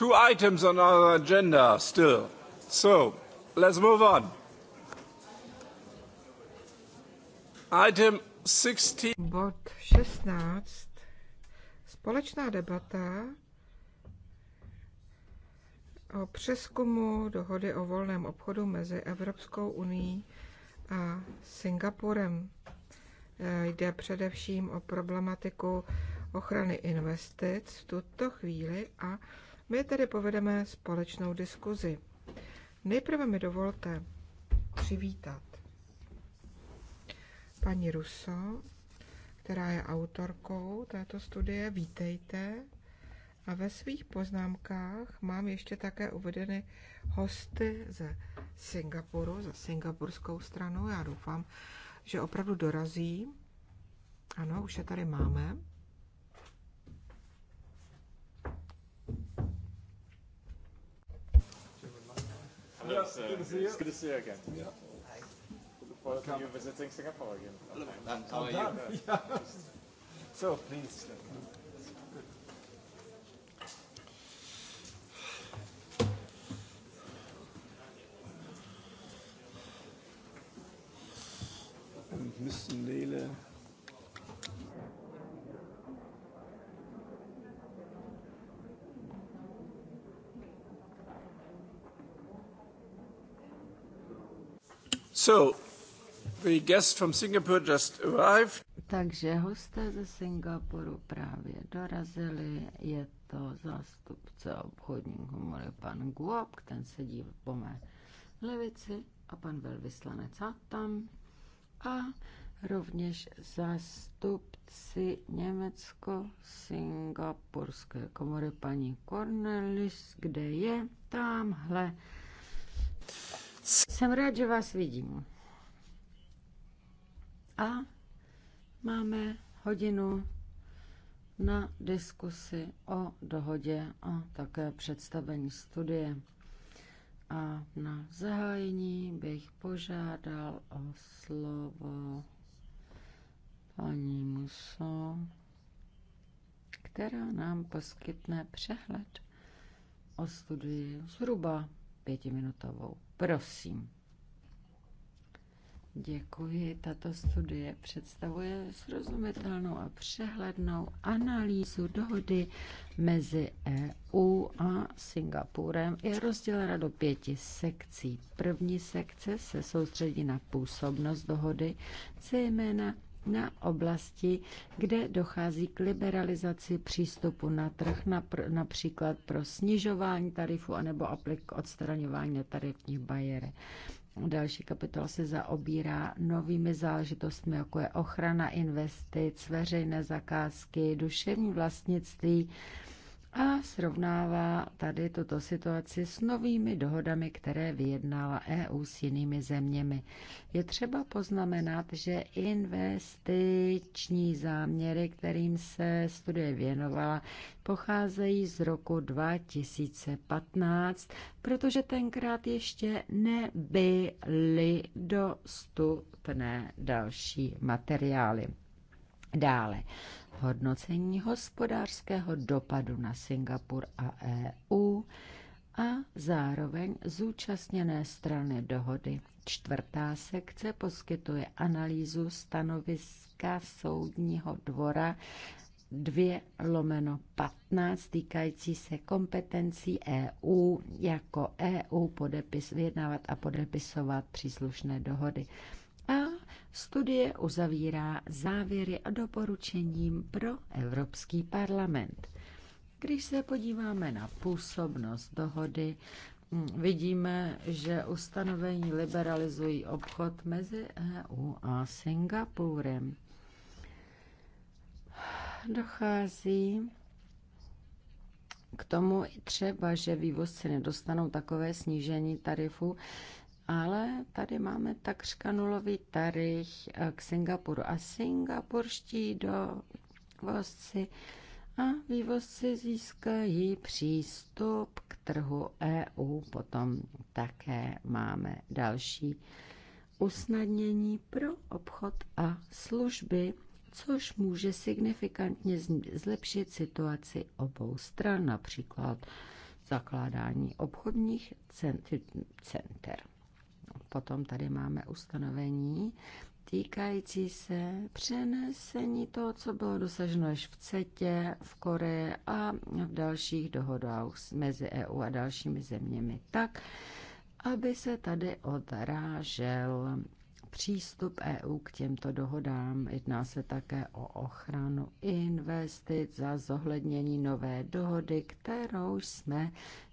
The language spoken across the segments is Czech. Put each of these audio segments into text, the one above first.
two items on our agenda still. So, let's move on. Item 16. Bod 16. Společná debata o přeskumu dohody o volném obchodu mezi Evropskou unii a Singapurem. E, jde především o problematiku ochrany investic v tuto chvíli a my tedy povedeme společnou diskuzi. Nejprve mi dovolte přivítat paní Ruso, která je autorkou této studie. Vítejte. A ve svých poznámkách mám ještě také uvedeny hosty ze Singapuru, za singapurskou stranu. Já doufám, že opravdu dorazí. Ano, už je tady máme. Yeah, it's, uh, good to see you. It's good to see you again. Yeah. Look forward to you visiting Singapore again. Sometime. How are you? Yeah. so please. müssen Lele So, the from Singapore just arrived. Takže hosté ze Singapuru právě dorazili. Je to zástupce obchodní komory pan Guob, ten sedí po mé levici a pan velvyslanec tam a rovněž zástupci Německo-Singapurské komory paní Cornelis, kde je tamhle jsem rád, že vás vidím. A máme hodinu na diskusi o dohodě a také představení studie. A na zahájení bych požádal o slovo paní Muso, která nám poskytne přehled o studii zhruba pětiminutovou. Prosím. Děkuji. Tato studie představuje srozumitelnou a přehlednou analýzu dohody mezi EU a Singapurem. Je rozdělena do pěti sekcí. První sekce se soustředí na působnost dohody, zejména na oblasti, kde dochází k liberalizaci přístupu na trh, například pro snižování tarifu anebo aplik odstraňování netarifních bariér. Další kapitola se zaobírá novými záležitostmi, jako je ochrana investic, veřejné zakázky, duševní vlastnictví a srovnává tady tuto situaci s novými dohodami, které vyjednala EU s jinými zeměmi. Je třeba poznamenat, že investiční záměry, kterým se studie věnovala, pocházejí z roku 2015, protože tenkrát ještě nebyly dostupné další materiály. Dále hodnocení hospodářského dopadu na Singapur a EU a zároveň zúčastněné strany dohody. Čtvrtá sekce poskytuje analýzu stanoviska soudního dvora 2 lomeno 15 týkající se kompetencí EU jako EU podepis, vyjednávat a podepisovat příslušné dohody. A Studie uzavírá závěry a doporučením pro Evropský parlament. Když se podíváme na působnost dohody, hm, vidíme, že ustanovení liberalizují obchod mezi EU a Singapurem. Dochází k tomu třeba, že vývozci nedostanou takové snížení tarifu, ale tady máme takřka nulový tarif eh, k Singapuru. A singapurští dovozci a vývozci získají přístup k trhu EU. Potom také máme další usnadnění pro obchod a služby, což může signifikantně zlepšit situaci obou stran, například zakládání obchodních center. Potom tady máme ustanovení týkající se přenesení toho, co bylo dosaženo až v CETě, v Koreji a v dalších dohodách mezi EU a dalšími zeměmi tak, aby se tady odrážel přístup EU k těmto dohodám. Jedná se také o ochranu investic za zohlednění nové dohody, kterou jsme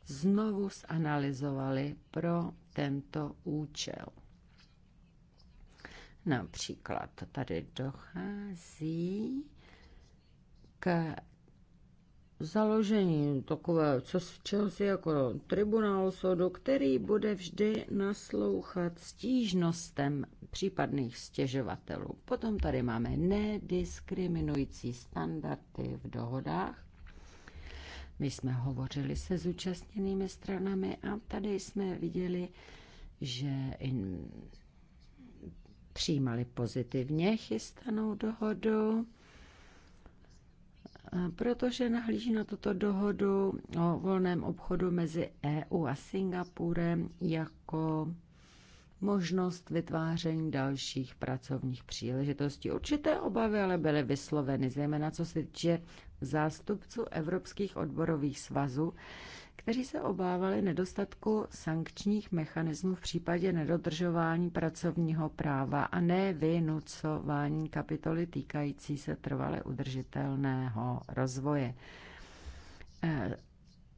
znovu zanalizovali pro tento účel. Například tady dochází k založení takové, co, čeho si jako tribunál soudu, který bude vždy naslouchat stížnostem případných stěžovatelů. Potom tady máme nediskriminující standardy v dohodách, my jsme hovořili se zúčastněnými stranami a tady jsme viděli, že in, přijímali pozitivně chystanou dohodu, protože nahlíží na tuto dohodu o volném obchodu mezi EU a Singapurem jako možnost vytváření dalších pracovních příležitostí. Určité obavy ale byly vysloveny, zejména co se týče zástupců evropských odborových svazů, kteří se obávali nedostatku sankčních mechanismů v případě nedodržování pracovního práva a vynucování kapitoly týkající se trvale udržitelného rozvoje. Eh,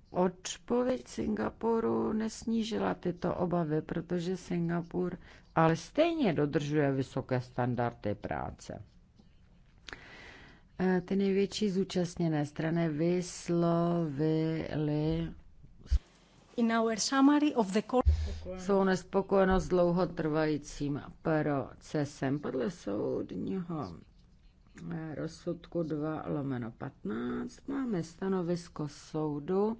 odpověď Singapuru nesnížila tyto obavy, protože Singapur ale stejně dodržuje vysoké standardy práce. Eh, ty největší zúčastněné strany vyslovily In our summary of the svou nespokojenost dlouhotrvajícím procesem. Podle soudního eh, rozsudku 2 lomeno 15 máme stanovisko soudu,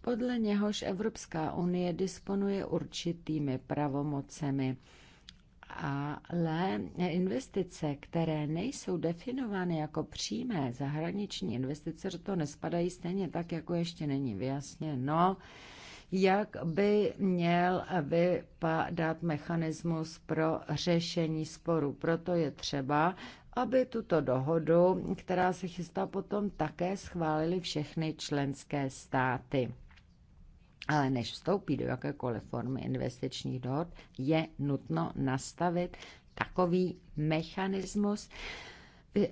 podle něhož Evropská unie disponuje určitými pravomocemi ale investice, které nejsou definovány jako přímé zahraniční investice, to nespadají stejně tak, jako ještě není vyjasněno, jak by měl vypadat mechanismus pro řešení sporu. Proto je třeba, aby tuto dohodu, která se chystá potom, také schválili všechny členské státy. Ale než vstoupí do jakékoliv formy investičních dohod, je nutno nastavit takový mechanismus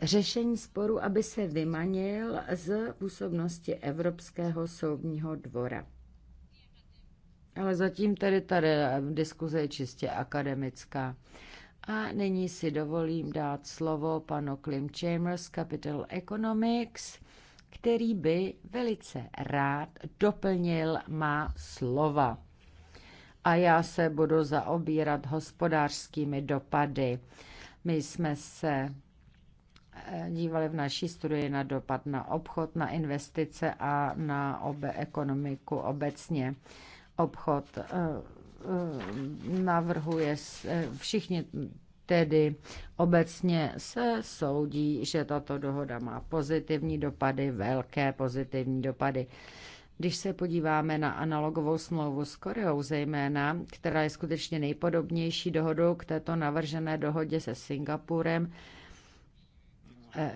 řešení sporu, aby se vymanil z působnosti Evropského soudního dvora. Ale zatím tady tady diskuze je čistě akademická. A nyní si dovolím dát slovo panu Klim Chambers, Capital Economics který by velice rád doplnil má slova. A já se budu zaobírat hospodářskými dopady. My jsme se eh, dívali v naší studii na dopad na obchod, na investice a na obe ekonomiku obecně. Obchod eh, eh, navrhuje, všichni Tedy obecně se soudí, že tato dohoda má pozitivní dopady, velké pozitivní dopady. Když se podíváme na analogovou smlouvu s Koreou zejména, která je skutečně nejpodobnější dohodou k této navržené dohodě se Singapurem,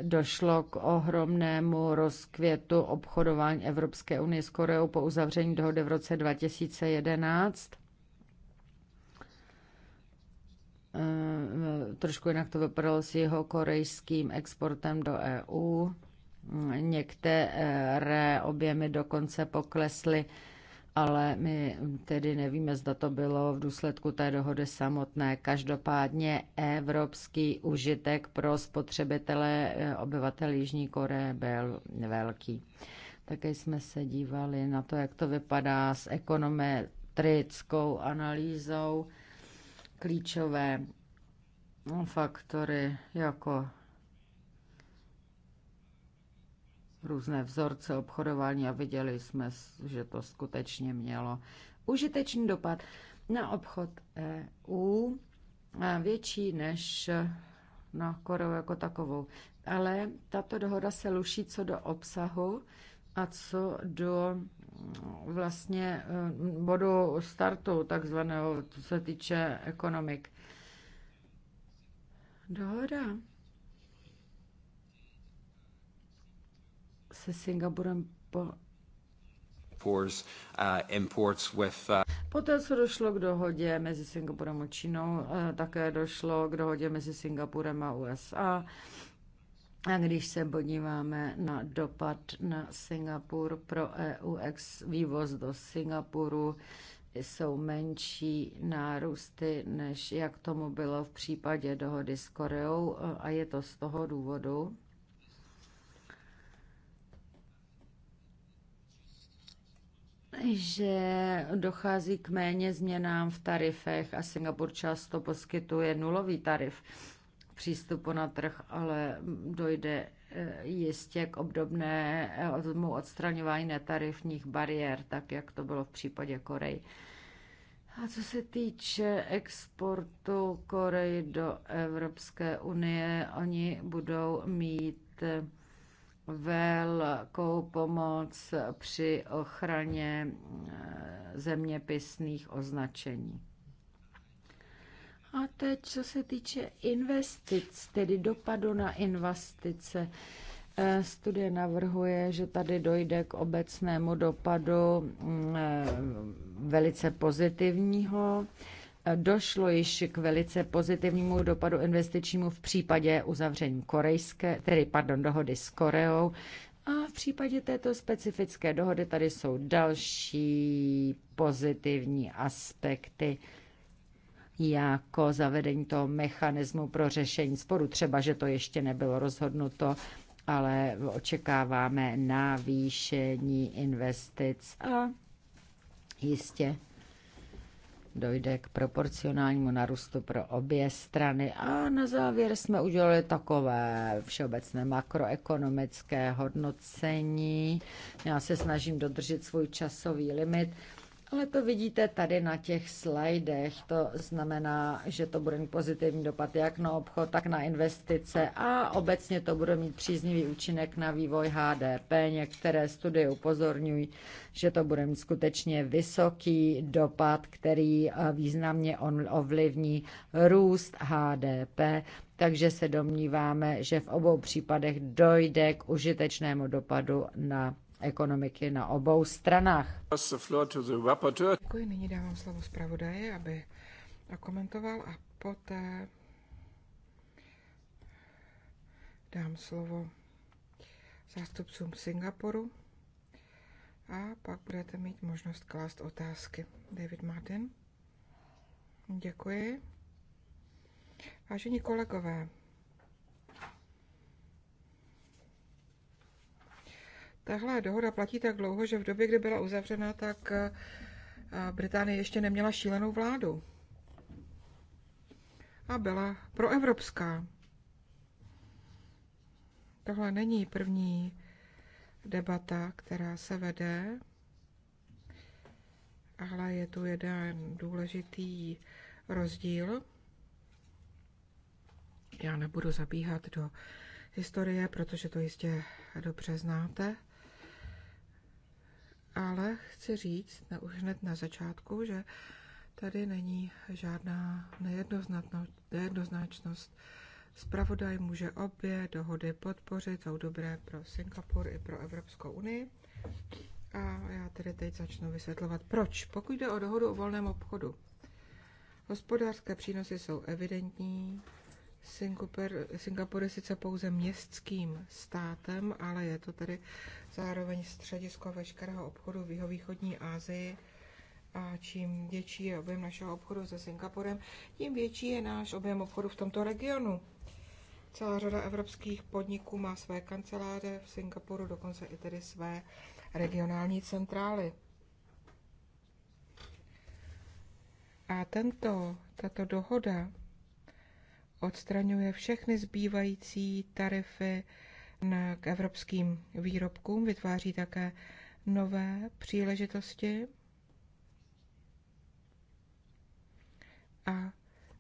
došlo k ohromnému rozkvětu obchodování Evropské unie s Koreou po uzavření dohody v roce 2011 Eh, trošku jinak to vypadalo s jeho korejským exportem do EU. Některé objemy dokonce poklesly, ale my tedy nevíme, zda to bylo v důsledku té dohody samotné. Každopádně evropský užitek pro spotřebitele eh, obyvatel Jižní Koreje byl velký. Také jsme se dívali na to, jak to vypadá s ekonometrickou analýzou klíčové faktory jako různé vzorce obchodování a viděli jsme, že to skutečně mělo užitečný dopad na obchod EU větší než na Koreu jako takovou. Ale tato dohoda se luší co do obsahu a co do vlastně eh, bodu startu takzvaného, co se týče ekonomik. Dohoda se Singapurem po eh, eh, Poté, co došlo k dohodě mezi Singapurem a Čínou, také došlo k dohodě mezi Singapurem a USA. A když se podíváme na dopad na Singapur pro EU ex vývoz do Singapuru, jsou menší nárůsty, než jak tomu bylo v případě dohody s Koreou a je to z toho důvodu, že dochází k méně změnám v tarifech a Singapur často poskytuje nulový tarif přístupu na trh, ale dojde eh, jistě k obdobné eh, odstraňování netarifních bariér, tak jak to bylo v případě Koreji. A co se týče exportu Koreji do Evropské unie, oni budou mít eh, velkou pomoc při ochraně zeměpisných označení. A teď, co se týče investic, tedy dopadu na investice. Eh, studie navrhuje, že tady dojde k obecnému dopadu mm, eh, velice pozitivního. Eh, došlo již k velice pozitivnímu dopadu investičnímu v případě uzavření korejské, tedy pardon, dohody s Koreou. A v případě této specifické dohody tady jsou další pozitivní aspekty jako zavedení toho mechanismu pro řešení sporu. Třeba, že to ještě nebylo rozhodnuto, ale očekáváme navýšení investic a jistě dojde k proporcionálnímu narůstu pro obě strany. A na závěr jsme udělali takové všeobecné makroekonomické hodnocení. Já se snažím dodržet svůj časový limit. Ale to vidíte tady na těch slajdech, to znamená, že to bude mít pozitivní dopad jak na obchod, tak na investice a obecně to bude mít příznivý účinek na vývoj HDP. Některé studie upozorňují, že to bude mít skutečně vysoký dopad, který eh, významně ovlivní růst HDP, takže se domníváme, že v obou případech dojde k užitečnému dopadu na ekonomiky na obou stranách. Děkuji, nyní dávám slovo zpravodaje, aby komentoval a poté dám slovo zástupcům Singapuru a pak budete mít možnost klást otázky. David Martin. Děkuji. Vážení kolegové, Tahle dohoda platí tak dlouho, že v době, kdy byla uzavřena, tak eh, Británie ještě neměla šílenou vládu. A byla proevropská. Tohle není první debata, která se vede, ale je tu jeden důležitý rozdíl. Já nebudu zabíhat do historie, protože to jistě dobře znáte ale chci říct na, už hned na začátku, že tady není žádná nejednoznačnost. Spravodaj může obě dohody podpořit, jsou dobré pro Singapur i pro Evropskou unii. A já tedy teď začnu vysvětlovat, proč. Pokud jde o dohodu o volném obchodu, hospodářské přínosy jsou evidentní, Singapur, Singapur je sice pouze městským státem, ale je to tedy zároveň středisko veškerého obchodu v jihovýchodní Asii. A čím větší je objem našeho obchodu se Singapurem, tím větší je náš objem obchodu v tomto regionu. Celá řada evropských podniků má své kanceláře v Singapuru, dokonce i tedy své regionální centrály. A tento, tato dohoda odstraňuje všechny zbývající tarify na, k evropským výrobkům, vytváří také nové příležitosti a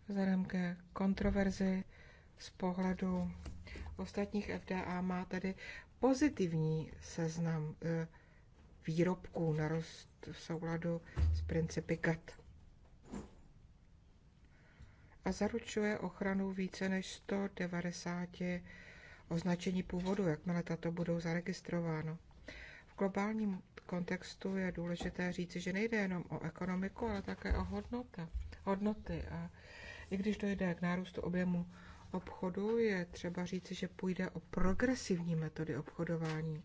vzhledem ke kontroverzi z pohledu ostatních FDA má tedy pozitivní seznam eh, výrobků na rost v souladu s principy GATT a zaručuje ochranu více než 190 označení původu, jakmile tato budou zaregistrováno. V globálním kontextu je důležité říci, že nejde jenom o ekonomiku, ale také o hodnota, hodnoty. A i když dojde k nárůstu objemu obchodu, je třeba říci, že půjde o progresivní metody obchodování,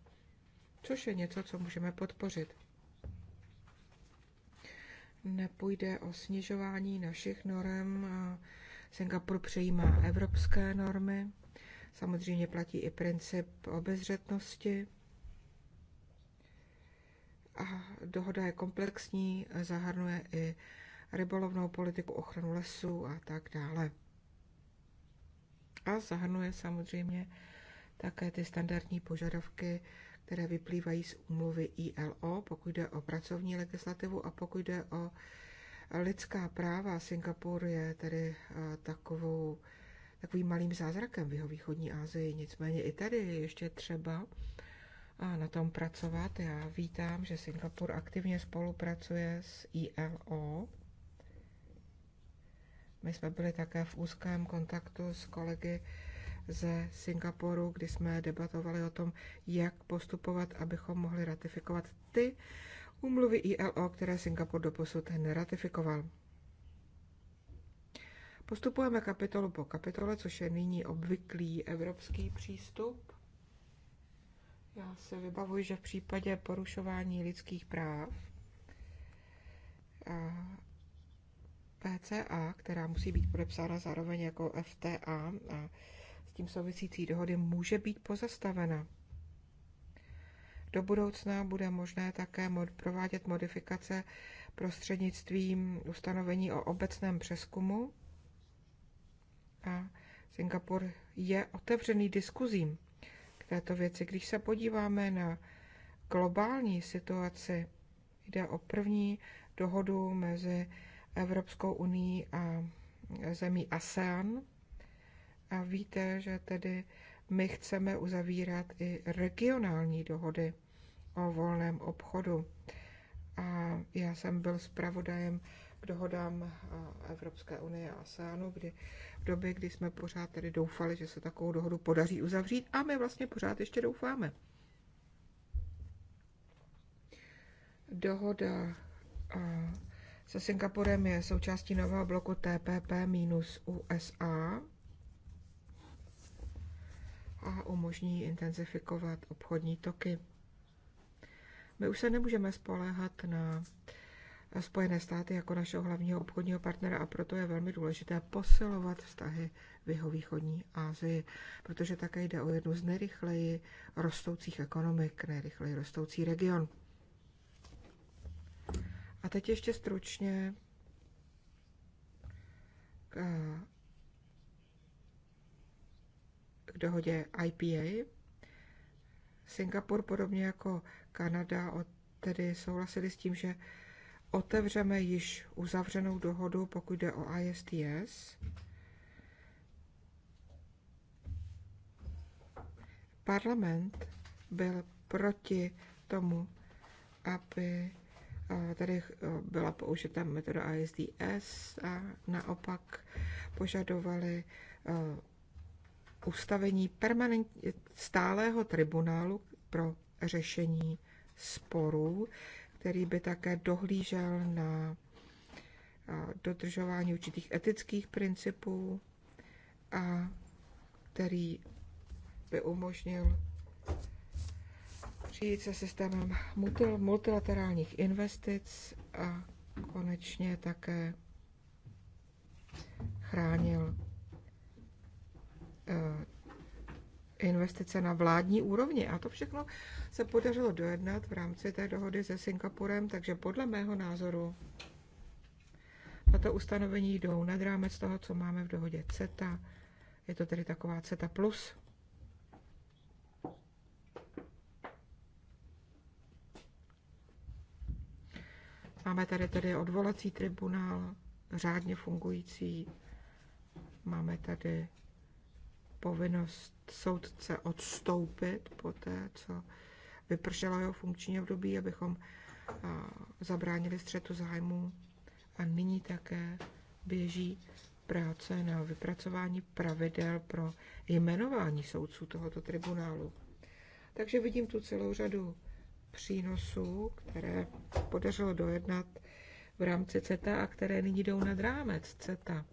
což je něco, co můžeme podpořit nepůjde o snižování našich norm. Singapur přejímá evropské normy. Samozřejmě platí i princip obezřetnosti. A dohoda je komplexní, zahrnuje i rybolovnou politiku, ochranu lesů a tak dále. A zahrnuje samozřejmě také ty standardní požadavky které vyplývají z úmluvy ILO, pokud jde o pracovní legislativu a pokud jde o lidská práva. Singapur je tedy eh, takovou, takovým malým zázrakem v jeho východní Asii. Nicméně i tady je ještě třeba eh, na tom pracovat. Já vítám, že Singapur aktivně spolupracuje s ILO. My jsme byli také v úzkém kontaktu s kolegy ze Singapuru, kdy jsme debatovali o tom, jak postupovat, abychom mohli ratifikovat ty úmluvy ILO, které Singapur doposud neratifikoval. Postupujeme kapitolu po kapitole, což je nyní obvyklý evropský přístup. Já se vybavuji, že v případě porušování lidských práv PCA, která musí být podepsána zároveň jako FTA a tím souvisící dohody může být pozastavena. Do budoucna bude možné také mod, provádět modifikace prostřednictvím ustanovení o obecném přeskumu a Singapur je otevřený diskuzím k této věci. Když se podíváme na globální situaci, jde o první dohodu mezi Evropskou unii a zemí ASEAN, a víte, že tedy my chceme uzavírat i regionální dohody o volném obchodu. A já jsem byl zpravodajem k dohodám Evropské unie a ASEANu, kdy v době, kdy jsme pořád tedy doufali, že se takovou dohodu podaří uzavřít a my vlastně pořád ještě doufáme. Dohoda se Singapurem je součástí nového bloku TPP minus USA a umožní intenzifikovat obchodní toky. My už se nemůžeme spoléhat na Spojené státy jako našeho hlavního obchodního partnera a proto je velmi důležité posilovat vztahy v jeho východní Ázii, protože také jde o jednu z nejrychleji rostoucích ekonomik, nejrychleji rostoucí region. A teď ještě stručně k k dohodě IPA. Singapur, podobně jako Kanada, tedy souhlasili s tím, že otevřeme již uzavřenou dohodu, pokud jde o ISTS. Parlament byl proti tomu, aby eh, tady eh, byla použita metoda ISDS a naopak požadovali eh, ustavení permanent, stálého tribunálu pro řešení sporů, který by také dohlížel na dodržování určitých etických principů a který by umožnil přijít se systémem multilaterálních investic a konečně také chránil Eh, investice na vládní úrovni. A to všechno se podařilo dojednat v rámci té dohody se Singapurem, takže podle mého názoru tato ustanovení jdou nad rámec toho, co máme v dohodě CETA. Je to tedy taková CETA plus. Máme tady tedy odvolací tribunál, řádně fungující. Máme tady povinnost soudce odstoupit po té, co vypršelo jeho funkční období, abychom zabránili střetu zájmu. A nyní také běží práce na vypracování pravidel pro jmenování soudců tohoto tribunálu. Takže vidím tu celou řadu přínosů, které podařilo dojednat v rámci CETA a které nyní jdou nad rámec CETA.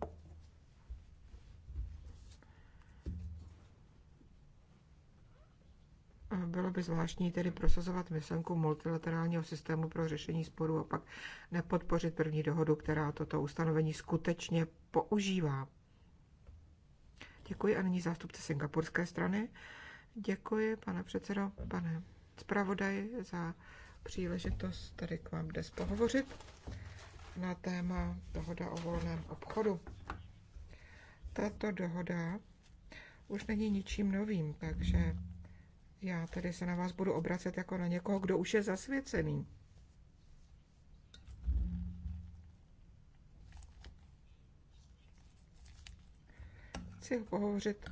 bylo by zvláštní tedy prosazovat myšlenku multilaterálního systému pro řešení sporů a pak nepodpořit první dohodu, která toto ustanovení skutečně používá. Děkuji a nyní zástupce singapurské strany. Děkuji, pane předsedo, pane zpravodaji, za příležitost tady k vám dnes pohovořit na téma dohoda o volném obchodu. Tato dohoda už není ničím novým, takže já tady se na vás budu obracet jako na někoho, kdo už je zasvěcený. Chci pohovořit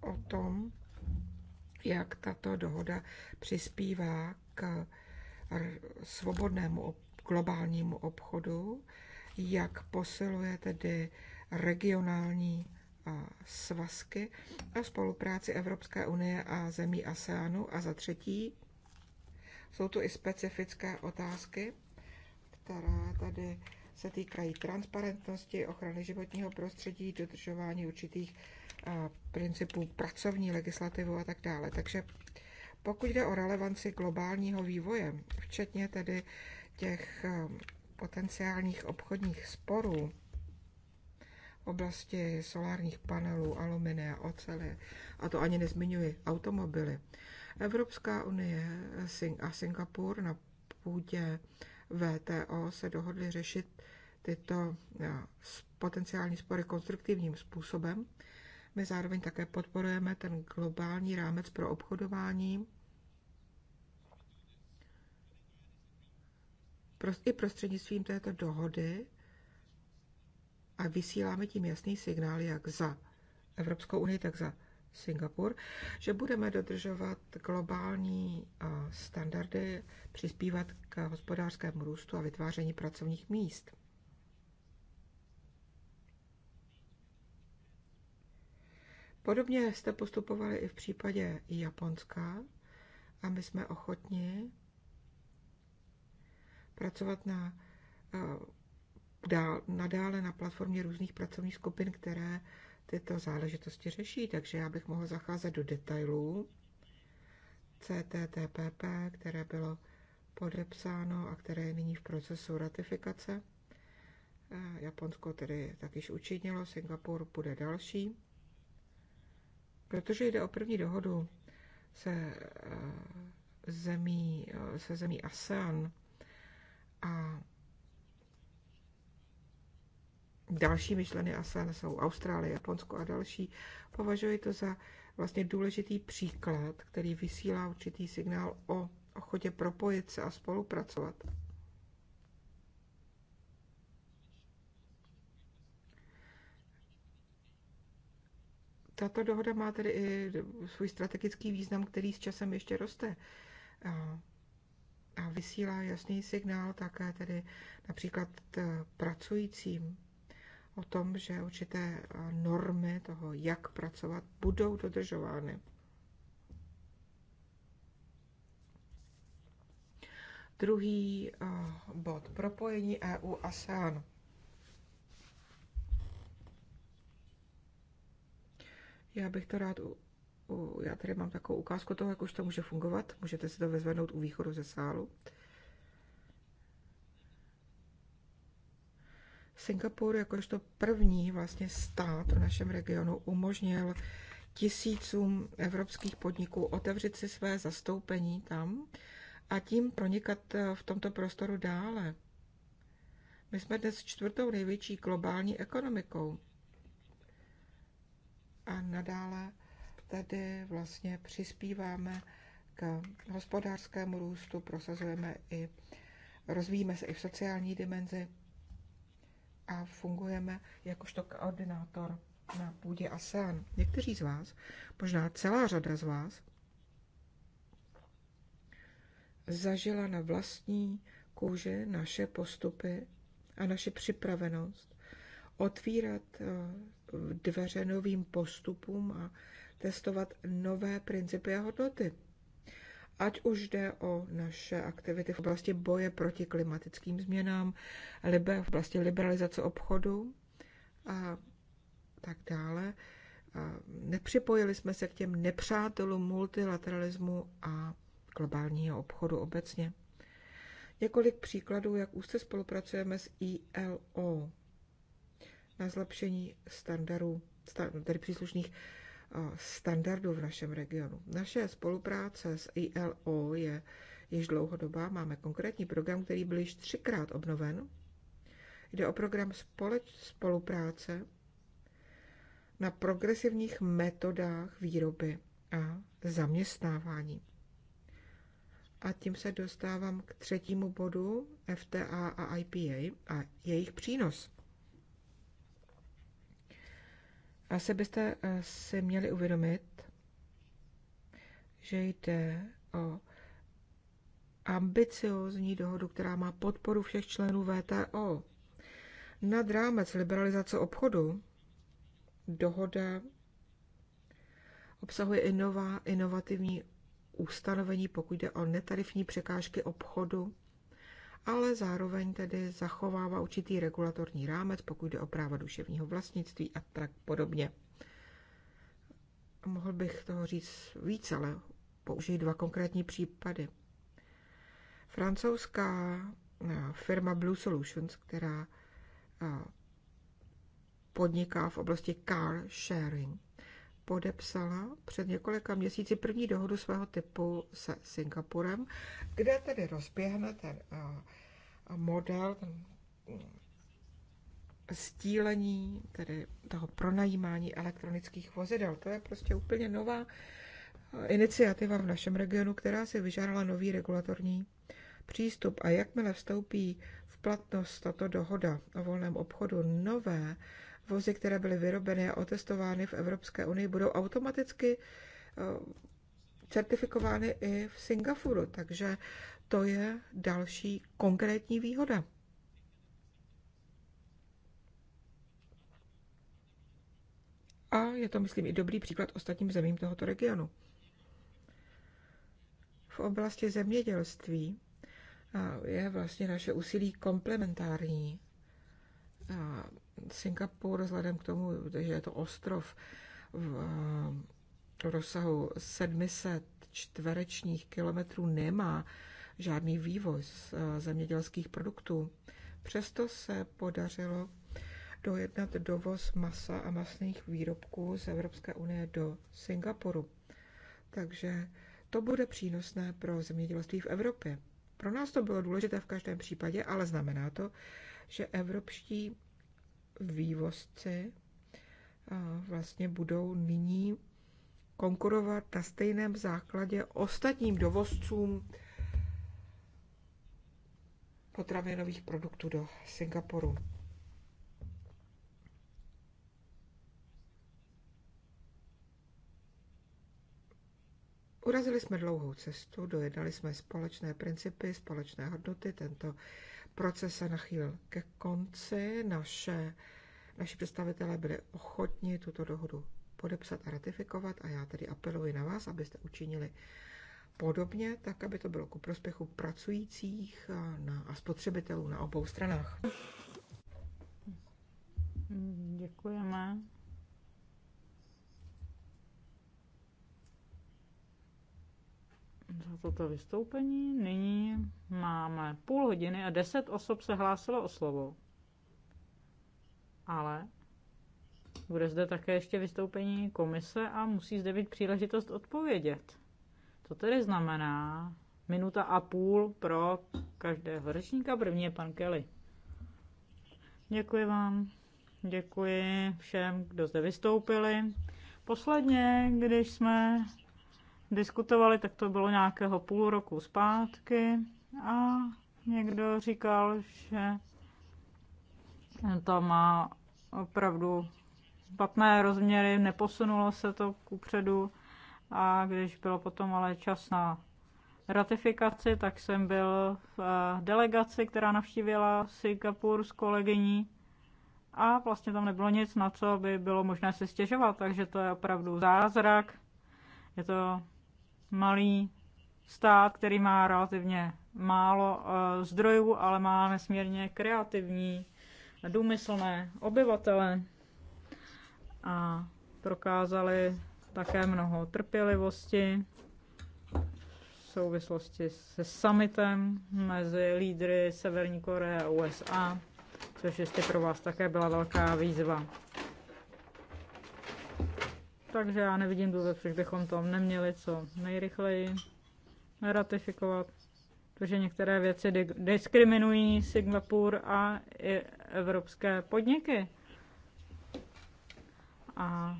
o tom, jak tato dohoda přispívá k svobodnému globálnímu obchodu, jak posiluje tedy regionální a svazky a spolupráci Evropské unie a zemí ASEANu. A za třetí jsou tu i specifické otázky, které tady se týkají transparentnosti, ochrany životního prostředí, dodržování určitých principů pracovní legislativu a tak dále. Takže pokud jde o relevanci globálního vývoje, včetně tedy těch potenciálních obchodních sporů, oblasti solárních panelů, aluminia, ocely, a to ani nezmiňuji, automobily. Evropská unie a Singapur na půdě VTO se dohodli řešit tyto eh, potenciální spory konstruktivním způsobem. My zároveň také podporujeme ten globální rámec pro obchodování i prostřednictvím této dohody a vysíláme tím jasný signál, jak za Evropskou unii, tak za Singapur, že budeme dodržovat globální standardy, přispívat k hospodářskému růstu a vytváření pracovních míst. Podobně jste postupovali i v případě Japonska a my jsme ochotni pracovat na dál, nadále na platformě různých pracovních skupin, které tyto záležitosti řeší, takže já bych mohla zacházet do detailů CTTPP, které bylo podepsáno a které je nyní v procesu ratifikace. Eh, Japonsko tedy tak již učinilo, Singapur bude další. Protože jde o první dohodu se eh, zemí, eh, se zemí ASEAN a dalšími členy ASEAN jsou Austrálie, Japonsko a další. Považuji to za vlastně důležitý příklad, který vysílá určitý signál o ochotě propojit se a spolupracovat. Tato dohoda má tedy i svůj strategický význam, který s časem ještě roste. A, a vysílá jasný signál také tedy například pracujícím o tom, že určité eh, normy toho, jak pracovat, budou dodržovány. Druhý eh, bod. Propojení EU a SEAN. Já bych to rád u, u, já tady mám takovou ukázku toho, jak už to může fungovat. Můžete si to vyzvednout u východu ze sálu. Uh, Singapur jakožto první vlastně stát v našem regionu umožnil tisícům evropských podniků otevřít si své zastoupení tam a tím pronikat eh, v tomto prostoru dále. My jsme dnes čtvrtou největší globální ekonomikou. A nadále tedy vlastně přispíváme k hospodářskému růstu, prosazujeme i, rozvíjíme se i v sociální dimenzi a fungujeme jakožto koordinátor na půdě ASEAN. Někteří z vás, možná celá řada z vás, zažila na vlastní kůži naše postupy a naše připravenost otvírat eh, dveře novým postupům a testovat nové principy a hodnoty ať už jde o naše aktivity v oblasti boje proti klimatickým změnám, libe, v oblasti liberalizace obchodu a tak dále. A nepřipojili jsme se k těm nepřátelům multilateralismu a globálního obchodu obecně. Několik příkladů, jak úzce spolupracujeme s ILO na zlepšení standardů, tedy příslušných Eh, standardů v našem regionu. Naše spolupráce s ILO je již dlouhodobá. Máme konkrétní program, který byl již třikrát obnoven. Jde o program společ spolupráce na progresivních metodách výroby a zaměstnávání. A tím se dostávám k třetímu bodu FTA a IPA a jejich přínos. Asi byste eh, si měli uvědomit, že jde o ambiciozní dohodu, která má podporu všech členů VTO. Nad rámec liberalizace obchodu dohoda obsahuje nová inovativní ustanovení, pokud jde o netarifní překážky obchodu ale zároveň tedy zachovává určitý regulatorní rámec, pokud jde o práva duševního vlastnictví a tak podobně. Mohl bych toho říct víc, ale použiji dva konkrétní případy. Francouzská eh, firma Blue Solutions, která eh, podniká v oblasti car sharing, podepsala před několika měsíci první dohodu svého typu se Singapurem, kde tedy rozběhne ten eh, model ten eh, stílení, tedy toho pronajímání elektronických vozidel. To je prostě úplně nová eh, iniciativa v našem regionu, která si vyžádala nový regulatorní přístup. A jakmile vstoupí v platnost tato dohoda o volném obchodu, nové vozy, které byly vyrobeny a otestovány v Evropské unii, budou automaticky eh, certifikovány i v Singapuru. Takže to je další konkrétní výhoda. A je to, myslím, i dobrý příklad ostatním zemím tohoto regionu. V oblasti zemědělství eh, je vlastně naše úsilí komplementární. Eh, Singapur, vzhledem k tomu, že je to ostrov v eh, rozsahu 700 čtverečních kilometrů, nemá žádný vývoz eh, zemědělských produktů. Přesto se podařilo dojednat dovoz masa a masných výrobků z Evropské unie do Singapuru. Takže to bude přínosné pro zemědělství v Evropě. Pro nás to bylo důležité v každém případě, ale znamená to, že evropští vývozci vlastně budou nyní konkurovat na stejném základě ostatním dovozcům potravinových produktů do Singapuru. Urazili jsme dlouhou cestu, dojednali jsme společné principy, společné hodnoty. Tento Proces se nachýlil ke konci. Naše, naši představitelé byli ochotni tuto dohodu podepsat a ratifikovat a já tedy apeluji na vás, abyste učinili podobně, tak aby to bylo ku prospěchu pracujících a, na, a spotřebitelů na obou stranách. Děkujeme. za toto vystoupení. Nyní máme půl hodiny a deset osob se hlásilo o slovo. Ale bude zde také ještě vystoupení komise a musí zde být příležitost odpovědět. To tedy znamená minuta a půl pro každého řečníka. První je pan Kelly. Děkuji vám. Děkuji všem, kdo zde vystoupili. Posledně, když jsme diskutovali, tak to bylo nějakého půl roku zpátky a někdo říkal, že to má opravdu špatné rozměry, neposunulo se to kupředu a když bylo potom ale čas na ratifikaci, tak jsem byl v eh, delegaci, která navštívila Singapur s kolegyní a vlastně tam nebylo nic, na co by bylo možné se stěžovat, takže to je opravdu zázrak. Je to malý stát, který má relativně málo eh, zdrojů, ale má nesmírně kreativní, důmyslné obyvatele a prokázali také mnoho trpělivosti v souvislosti se summitem mezi lídry Severní Koreje a USA, což jistě pro vás také byla velká výzva. Takže já nevidím důvod, proč bychom to neměli co nejrychleji ratifikovat, protože některé věci diskriminují Singapur a i evropské podniky. A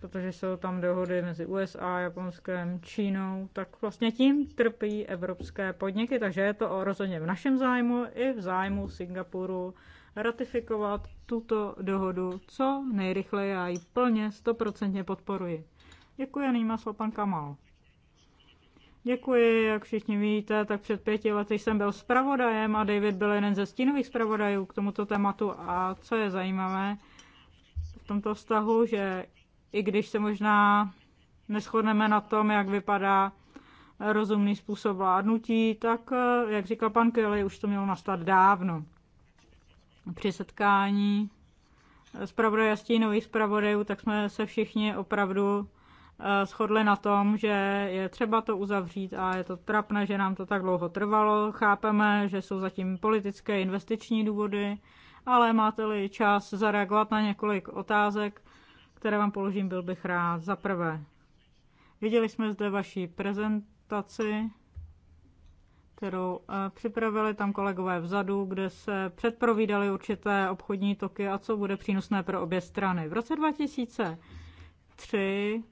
protože jsou tam dohody mezi USA, Japonskem, Čínou, tak vlastně tím trpí evropské podniky, takže je to rozhodně v našem zájmu i v zájmu Singapuru ratifikovat tuto dohodu co nejrychleji. a ji plně, stoprocentně podporuji. Děkuji, nyní má pan Kamal. Děkuji, jak všichni víte, tak před pěti lety jsem byl zpravodajem a David byl jeden ze stínových zpravodajů k tomuto tématu a co je zajímavé v tomto vztahu, že i když se možná neschodneme na tom, jak vypadá rozumný způsob vládnutí, tak eh, jak říkal pan Kelly, už to mělo nastat dávno při setkání zpravodaje a stínových zpravodajů, tak jsme se všichni opravdu eh, shodli na tom, že je třeba to uzavřít a je to trapné, že nám to tak dlouho trvalo. Chápeme, že jsou zatím politické investiční důvody, ale máte-li čas zareagovat na několik otázek, které vám položím, byl bych rád. Za prvé, viděli jsme zde vaši prezentaci kterou eh, připravili tam kolegové vzadu, kde se předprovídali určité obchodní toky a co bude přínosné pro obě strany. V roce 2003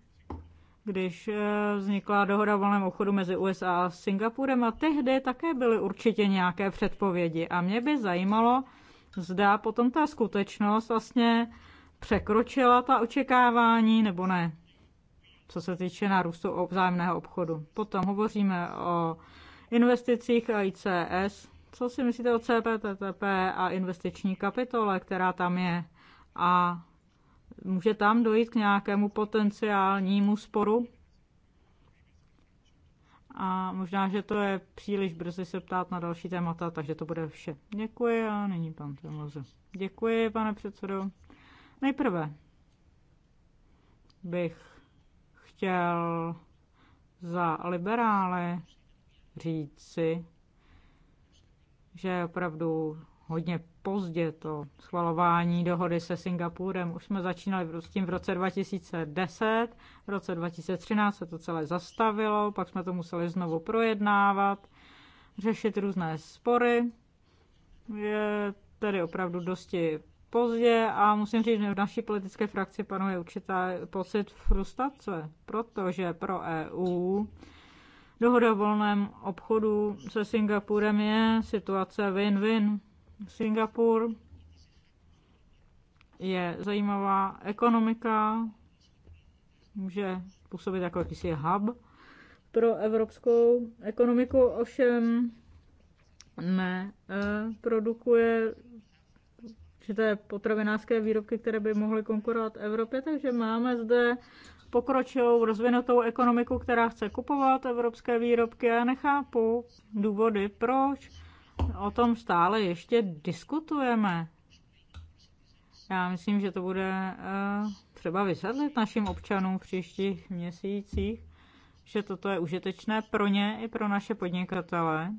když eh, vznikla dohoda o volném obchodu mezi USA a Singapurem a tehdy také byly určitě nějaké předpovědi. A mě by zajímalo, zda potom ta skutečnost vlastně překročila ta očekávání nebo ne, co se týče nárůstu vzájemného obchodu. Potom hovoříme o investicích a ICS. Co si myslíte o CPTTP a investiční kapitole, která tam je? A může tam dojít k nějakému potenciálnímu sporu? A možná, že to je příliš brzy se ptát na další témata, takže to bude vše. Děkuji a nyní pan Temoze. Děkuji, pane předsedo. Nejprve bych chtěl za liberály říci, že je opravdu hodně pozdě to schvalování dohody se Singapurem. Už jsme začínali s tím v roce 2010, v roce 2013 se to celé zastavilo, pak jsme to museli znovu projednávat, řešit různé spory. Je tedy opravdu dosti pozdě a musím říct, že v naší politické frakci panuje určitá pocit frustrace, protože pro EU dohoda o volném obchodu se Singapurem je situace win-win. Singapur je zajímavá ekonomika, může působit jako jakýsi hub pro evropskou ekonomiku, ovšem neprodukuje, eh, produkuje určité potravinářské výrobky, které by mohly konkurovat Evropě, takže máme zde pokročilou, rozvinutou ekonomiku, která chce kupovat evropské výrobky já nechápu důvody, proč o tom stále ještě diskutujeme. Já myslím, že to bude eh, třeba vysadlit našim občanům v příštích měsících, že toto je užitečné pro ně i pro naše podnikatele.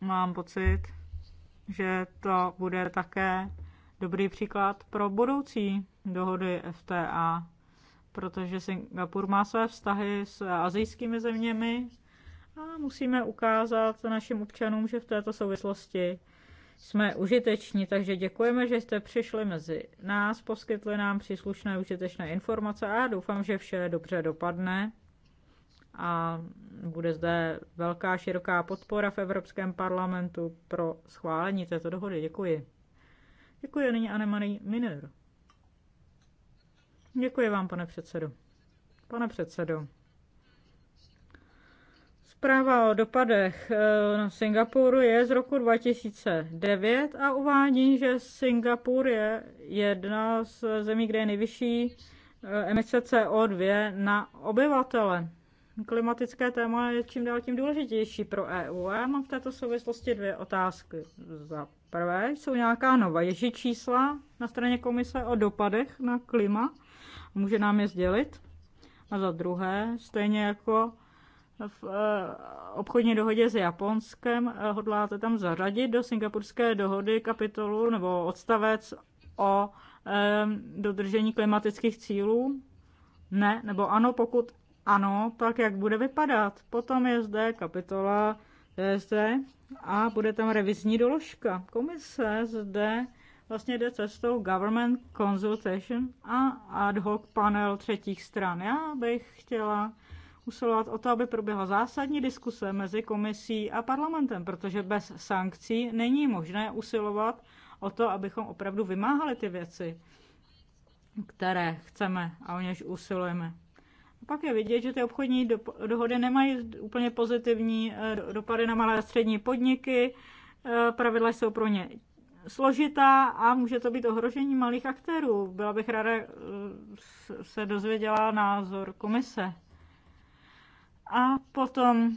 Mám pocit, že to bude také dobrý příklad pro budoucí dohody FTA, protože Singapur má své vztahy s azijskými zeměmi a musíme ukázat našim občanům, že v této souvislosti jsme užiteční, takže děkujeme, že jste přišli mezi nás, poskytli nám příslušné užitečné informace a doufám, že vše dobře dopadne a bude zde velká široká podpora v Evropském parlamentu pro schválení této dohody. Děkuji. Děkuji, nyní Anemarie Miner. Děkuji vám, pane předsedo. Pane předsedo, Zpráva o dopadech eh, na Singapuru je z roku 2009 a uvádí, že Singapur je jedna z zemí, kde je nejvyšší eh, emise CO2 na obyvatele. Klimatické téma je čím dál tím důležitější pro EU. A já mám v této souvislosti dvě otázky. Za prvé jsou nějaká nova ježi čísla na straně komise o dopadech na klima. Může nám je sdělit. A za druhé, stejně jako v eh, obchodní dohodě s Japonskem, eh, hodláte tam zařadit do singapurské dohody kapitolu nebo odstavec o eh, dodržení klimatických cílů? Ne, nebo ano, pokud ano, tak jak bude vypadat? Potom je zde kapitola zde a bude tam revizní doložka. Komise zde vlastně jde cestou government consultation a ad hoc panel třetích stran. Já bych chtěla usilovat o to, aby proběhla zásadní diskuse mezi komisí a parlamentem, protože bez sankcí není možné usilovat o to, abychom opravdu vymáhali ty věci, které chceme a o něž usilujeme pak je vidět, že ty obchodní dohody nemají úplně pozitivní eh, dopady na malé a střední podniky, eh, pravidla jsou pro ně složitá a může to být ohrožení malých aktérů. Byla bych ráda eh, se dozvěděla názor komise. A potom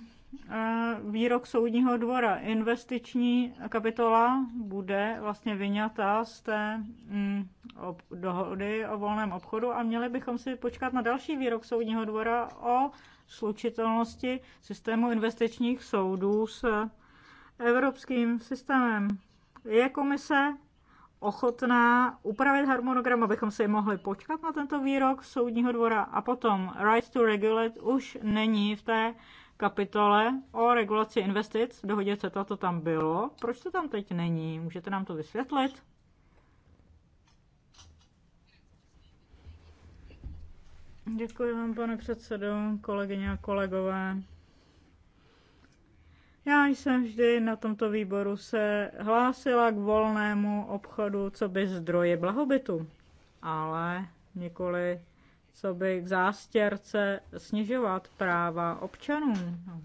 výrok soudního dvora. Investiční kapitola bude vlastně vyňata z té mm, dohody o volném obchodu a měli bychom si počkat na další výrok soudního dvora o slučitelnosti systému investičních soudů s evropským systémem. Je komise ochotná upravit harmonogram, abychom si mohli počkat na tento výrok soudního dvora a potom right to regulate už není v té kapitole o regulaci investic, v dohodě CETA to tam bylo. Proč to tam teď není? Můžete nám to vysvětlit? Děkuji vám, pane předsedo, kolegyně a kolegové. Já jsem vždy na tomto výboru se hlásila k volnému obchodu, co by zdroje blahobytu, ale nikoli co by k zástěrce snižovat práva občanů. No.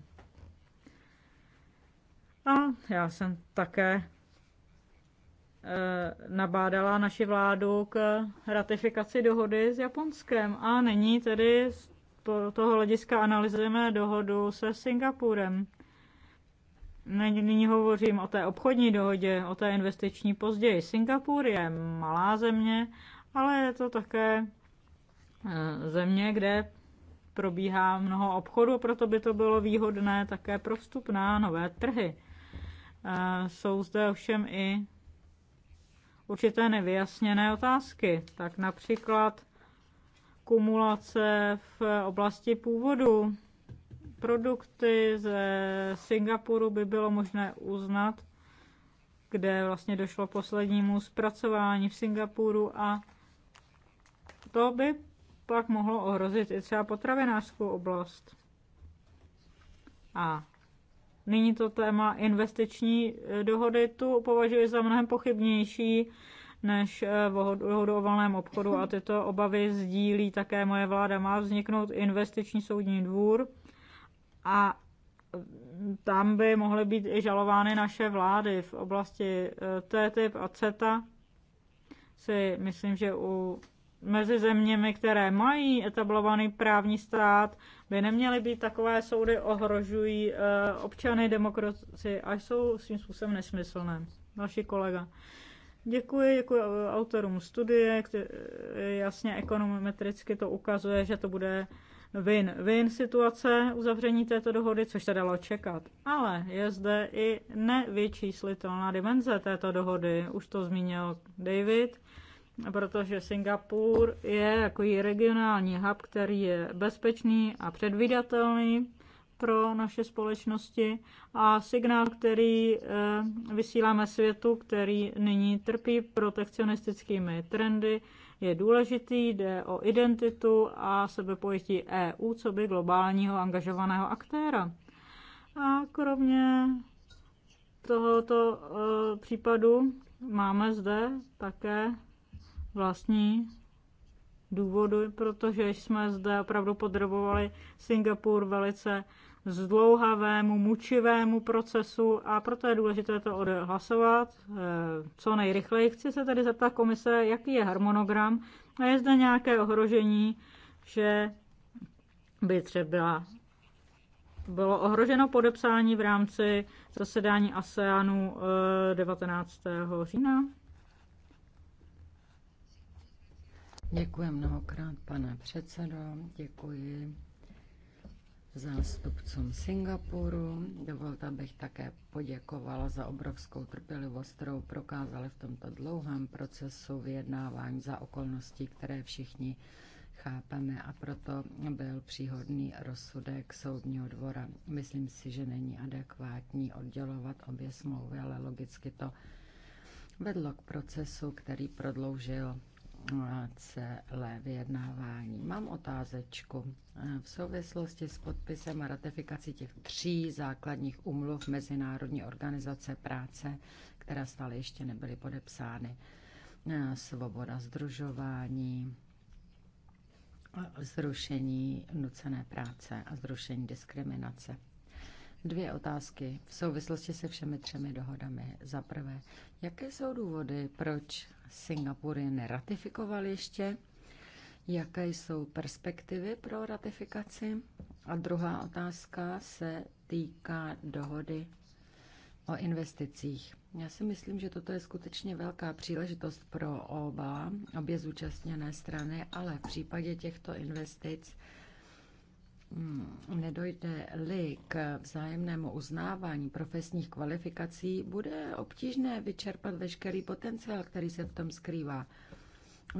A já jsem také eh, nabádala naši vládu k ratifikaci dohody s Japonskem a není tedy z toho hlediska analyzujeme dohodu se Singapurem. Nyní hovořím o té obchodní dohodě, o té investiční později. Singapur je malá země, ale je to také Eh, země, kde probíhá mnoho obchodu, proto by to bylo výhodné také pro vstup na nové trhy. Eh, jsou zde ovšem i určité nevyjasněné otázky, tak například kumulace v oblasti původu. Produkty ze Singapuru by bylo možné uznat, kde vlastně došlo poslednímu zpracování v Singapuru a to by pak mohlo ohrozit i třeba potravinářskou oblast. A nyní to téma investiční eh, dohody tu považuji za mnohem pochybnější než eh, dohodu o volném obchodu a tyto obavy sdílí také moje vláda. Má vzniknout investiční soudní dvůr a mm, tam by mohly být i žalovány naše vlády v oblasti eh, TTIP a CETA. Si myslím, že u mezi zeměmi, které mají etablovaný právní stát, by neměly být takové soudy ohrožují eh, občany demokracii a jsou svým způsobem nesmyslné. Další kolega. Děkuji, děkuji autorům studie, který, jasně ekonometricky to ukazuje, že to bude win-win situace uzavření této dohody, což se dalo čekat. Ale je zde i nevyčíslitelná dimenze této dohody, už to zmínil David protože Singapur je jako regionální hub, který je bezpečný a předvídatelný pro naše společnosti a signál, který eh, vysíláme světu, který nyní trpí protekcionistickými trendy, je důležitý, jde o identitu a sebepojetí EU, co by globálního angažovaného aktéra. A kromě tohoto eh, případu máme zde také vlastní důvodu, protože jsme zde opravdu podrobovali Singapur velice zdlouhavému, mučivému procesu a proto je důležité to odhlasovat eh, co nejrychleji. Chci se tedy zeptat komise, jaký je harmonogram a je zde nějaké ohrožení, že by třeba bylo ohroženo podepsání v rámci zasedání ASEANu 19. Eh, října. Děkuji mnohokrát, pane předsedo. Děkuji zástupcům Singapuru. Dovolte, abych také poděkovala za obrovskou trpělivost, kterou prokázali v tomto dlouhém procesu vyjednávání za okolnosti, které všichni chápeme a proto byl příhodný rozsudek soudního dvora. Myslím si, že není adekvátní oddělovat obě smlouvy, ale logicky to vedlo k procesu, který prodloužil celé vyjednávání. Mám otázečku. V souvislosti s podpisem a ratifikací těch tří základních umluv Mezinárodní organizace práce, které stále ještě nebyly podepsány, svoboda združování, zrušení nucené práce a zrušení diskriminace. Dvě otázky v souvislosti se všemi třemi dohodami. Za prvé, jaké jsou důvody, proč Singapur je neratifikoval ještě? Jaké jsou perspektivy pro ratifikaci? A druhá otázka se týká dohody o investicích. Já si myslím, že toto je skutečně velká příležitost pro oba, obě zúčastněné strany, ale v případě těchto investic Hmm, nedojde-li k vzájemnému uznávání profesních kvalifikací, bude obtížné vyčerpat veškerý potenciál, který se v tom skrývá.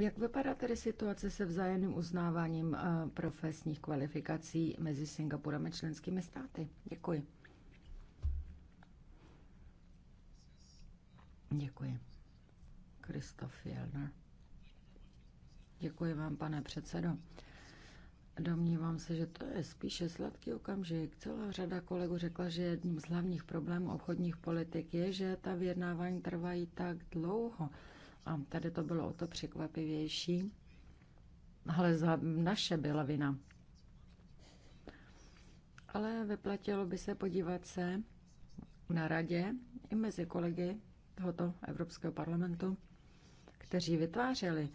Jak vypadá tedy situace se vzájemným uznáváním eh, profesních kvalifikací mezi Singapurem a členskými státy? Děkuji. Děkuji. Kristof Jelner. Děkuji vám, pane předsedo. Domnívám se, že to je spíše sladký okamžik. Celá řada kolegů řekla, že jedním z hlavních problémů obchodních politik je, že ta vyjednávání trvají tak dlouho. A tady to bylo o to překvapivější, ale za naše byla vina. Ale vyplatilo by se podívat se na radě i mezi kolegy tohoto Evropského parlamentu, kteří vytvářeli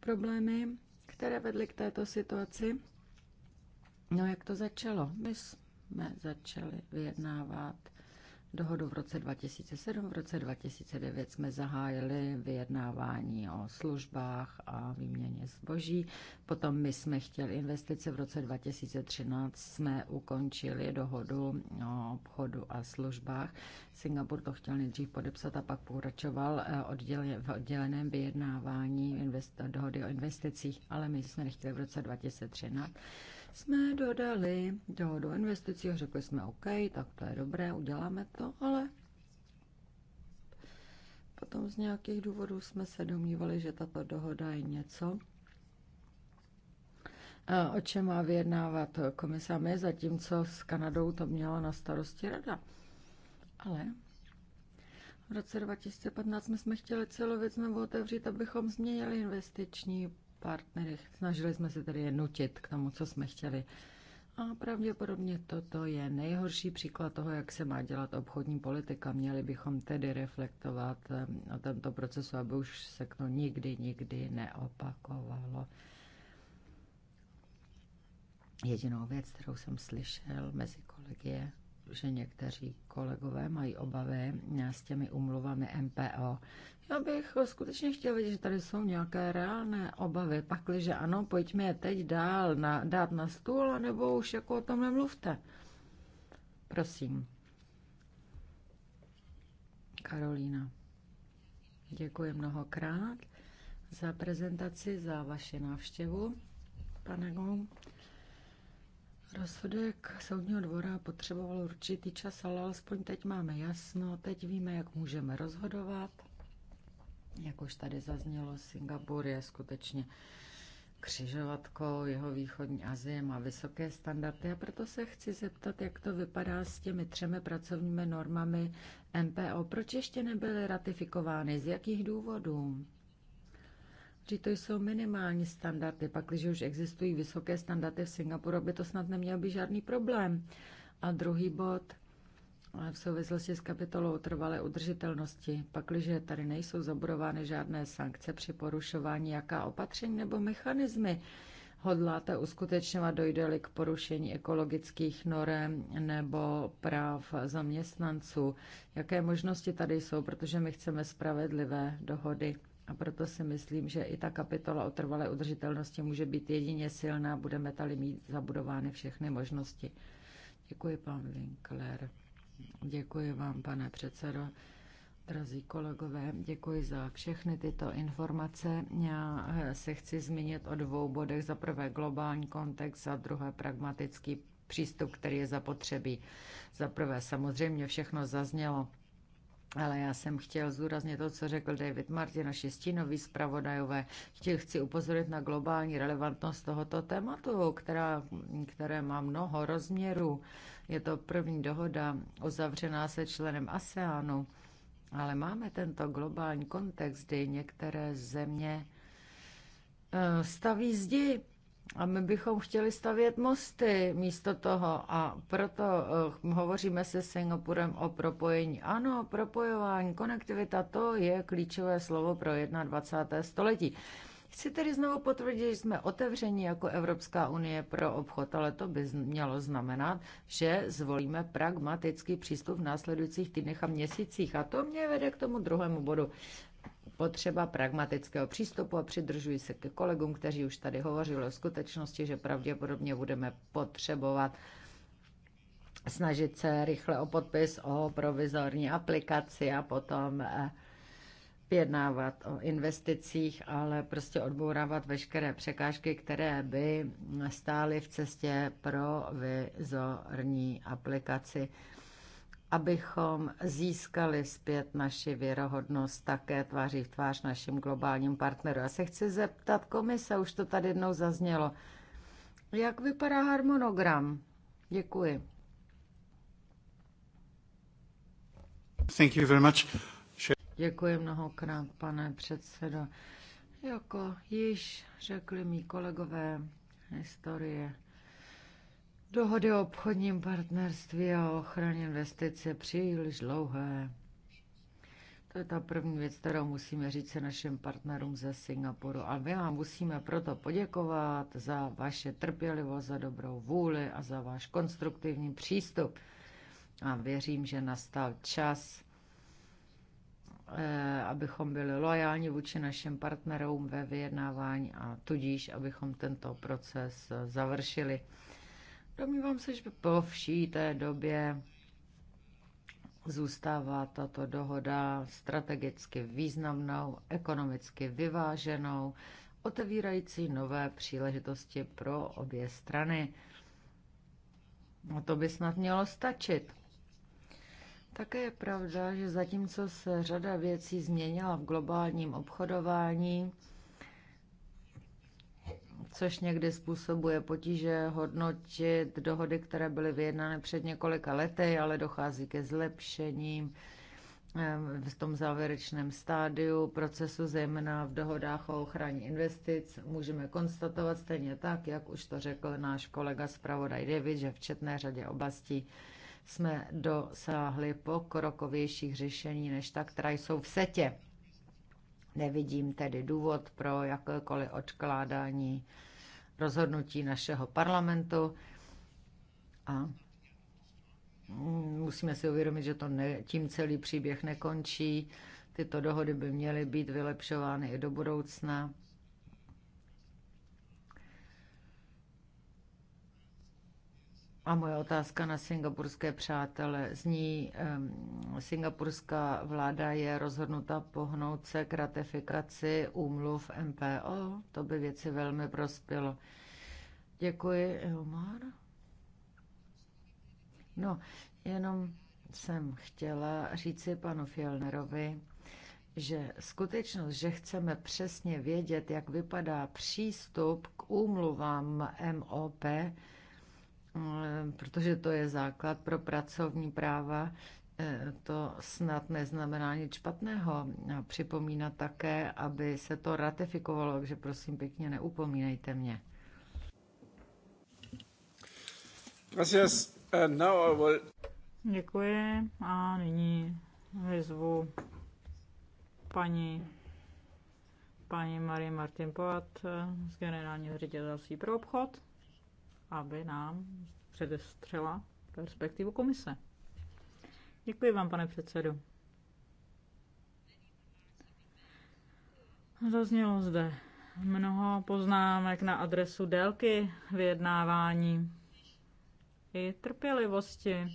problémy, které vedly k této situaci No jak to začalo? My jsme začali vyjednávat dohodu v roce 2007, v roce 2009 jsme zahájili vyjednávání o službách a výměně zboží. Potom my jsme chtěli investice, v roce 2013 jsme ukončili dohodu o obchodu a službách. Singapur to chtěl nejdřív podepsat a pak pokračoval eh, v odděleném vyjednávání dohody o investicích, ale my jsme nechtěli v roce 2013 jsme dodali do o investicích a řekli jsme OK, tak to je dobré, uděláme to, ale potom z nějakých důvodů jsme se domnívali, že tato dohoda je něco, eh, o čem má vyjednávat komisa my, zatímco s Kanadou to měla na starosti rada. Ale v roce 2015 jsme chtěli celou věc znovu otevřít, abychom změnili investiční partnerech. Snažili jsme se tedy jednotit k tomu, co jsme chtěli. A pravděpodobně toto je nejhorší příklad toho, jak se má dělat obchodní politika. Měli bychom tedy reflektovat eh, o tomto procesu, aby už se to nikdy, nikdy neopakovalo. Jedinou věc, kterou jsem slyšel mezi kolegy, je, že někteří kolegové mají obavy s těmi umluvami MPO. Já bych skutečně chtěla vidět, že tady jsou nějaké reálné obavy. Pakliže ano, pojďme je teď dál na, dát na stůl, nebo už jako o tom nemluvte. Prosím. Karolína. Děkuji mnohokrát za prezentaci, za vaši návštěvu, pane Gom. Rozsudek soudního dvora potřeboval určitý čas, ale alespoň teď máme jasno, teď víme, jak můžeme rozhodovat. Jak už tady zaznělo, Singapur je skutečně křižovatkou jeho východní Azie, má vysoké standardy a proto se chci zeptat, jak to vypadá s těmi třemi pracovními normami MPO. Proč ještě nebyly ratifikovány? Z jakých důvodů? že to jsou minimální standardy. Pak, když už existují vysoké standardy v Singapuru, by to snad neměl být žádný problém. A druhý bod, ale eh, v souvislosti s kapitolou trvalé udržitelnosti, pakliže tady nejsou zabudovány žádné sankce při porušování, jaká opatření nebo mechanismy hodláte uskutečňovat, dojde-li k porušení ekologických norem nebo práv zaměstnanců. Jaké možnosti tady jsou, protože my chceme spravedlivé dohody. A proto si myslím, že i ta kapitola o trvalé udržitelnosti může být jedině silná, budeme tady mít zabudovány všechny možnosti. Děkuji, pan Winkler. Děkuji vám, pane předsedo. Drazí kolegové, děkuji za všechny tyto informace. Já eh, se chci zmínit o dvou bodech. Za prvé globální kontext, za druhé pragmatický přístup, který je zapotřebí. Za prvé samozřejmě všechno zaznělo ale já jsem chtěl zúraznit to, co řekl David Martin, naši stínový zpravodajové. Chtěl chci upozornit na globální relevantnost tohoto tématu, která, které má mnoho rozměrů. Je to první dohoda uzavřená se členem ASEANu, ale máme tento globální kontext, kdy některé země eh, staví zdi a my bychom chtěli stavět mosty místo toho a proto eh, hovoříme se Singapurem o propojení. Ano, propojování, konektivita, to je klíčové slovo pro 21. století. Chci tedy znovu potvrdit, že jsme otevření jako Evropská unie pro obchod, ale to by mělo znamenat, že zvolíme pragmatický přístup v následujících týdnech a měsících. A to mě vede k tomu druhému bodu potřeba pragmatického přístupu a přidržuji se ke kolegům, kteří už tady hovořili o skutečnosti, že pravděpodobně budeme potřebovat snažit se rychle o podpis o provizorní aplikaci a potom eh, vyjednávat o investicích, ale prostě odbourávat veškeré překážky, které by stály v cestě pro vizorní aplikaci abychom získali zpět naši věrohodnost také tváří v tvář našim globálním partnerům. Já se chci zeptat komise, už to tady jednou zaznělo. Jak vypadá harmonogram? Děkuji. Thank you very much. Děkuji mnohokrát, pane předsedo. Jako již řekli mý kolegové, historie Dohody o obchodním partnerství a ochraně investic je příliš dlouhé. To je ta první věc, kterou musíme říct se našim partnerům ze Singapuru. A my vám musíme proto poděkovat za vaše trpělivost, za dobrou vůli a za váš konstruktivní přístup. A věřím, že nastal čas, eh, abychom byli loajální vůči našim partnerům ve vyjednávání a tudíž, abychom tento proces eh, završili. Domnívám se, že po vší té době zůstává tato dohoda strategicky významnou, ekonomicky vyváženou, otevírající nové příležitosti pro obě strany. A to by snad mělo stačit. Také je pravda, že zatímco se řada věcí změnila v globálním obchodování, což někdy způsobuje potíže hodnotit dohody, které byly vyjednány před několika lety, ale dochází ke zlepšením eh, v tom závěrečném stádiu procesu, zejména v dohodách o ochraně investic, můžeme konstatovat stejně tak, jak už to řekl náš kolega zpravodaj David, že v četné řadě oblastí jsme dosáhli pokrokovějších řešení než ta, která jsou v setě. Nevidím tedy důvod pro jakékoliv odkládání rozhodnutí našeho parlamentu a musíme si uvědomit, že to ne, tím celý příběh nekončí. Tyto dohody by měly být vylepšovány i do budoucna A moje otázka na singapurské přátele zní, um, singapurská vláda je rozhodnuta pohnout se k ratifikaci úmluv MPO. To by věci velmi prospělo. Děkuji, Eomar. No, jenom jsem chtěla říci panu Fjellnerovi, že skutečnost, že chceme přesně vědět, jak vypadá přístup k úmluvám MOP, protože to je základ pro pracovní práva, eh, to snad neznamená nic špatného. Připomíná také, aby se to ratifikovalo, takže prosím pěkně neupomínejte mě. Gracias. Děkuji a nyní vyzvu paní, paní Marie Martin Poat z generálního ředitelství pro obchod aby nám předestřela perspektivu komise. Děkuji vám, pane předsedo. Zaznělo zde mnoho poznámek na adresu délky vyjednávání i trpělivosti,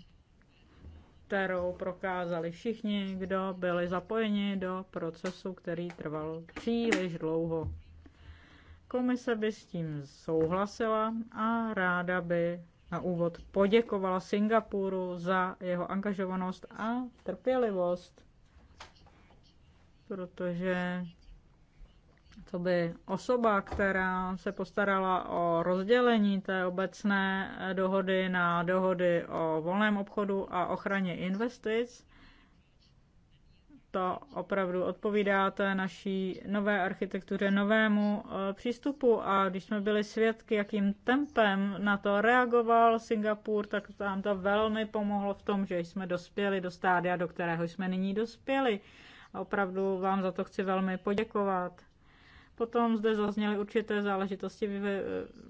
kterou prokázali všichni, kdo byli zapojeni do procesu, který trval příliš dlouho. Komise by s tím souhlasila a ráda by na úvod poděkovala Singapuru za jeho angažovanost a trpělivost, protože to by osoba, která se postarala o rozdělení té obecné dohody na dohody o volném obchodu a ochraně investic, to opravdu odpovídá té naší nové architektuře, novému eh, přístupu. A když jsme byli svědky, jakým tempem na to reagoval Singapur, tak nám to velmi pomohlo v tom, že jsme dospěli do stádia, do kterého jsme nyní dospěli. A opravdu vám za to chci velmi poděkovat. Potom zde zazněly určité záležitosti v eh,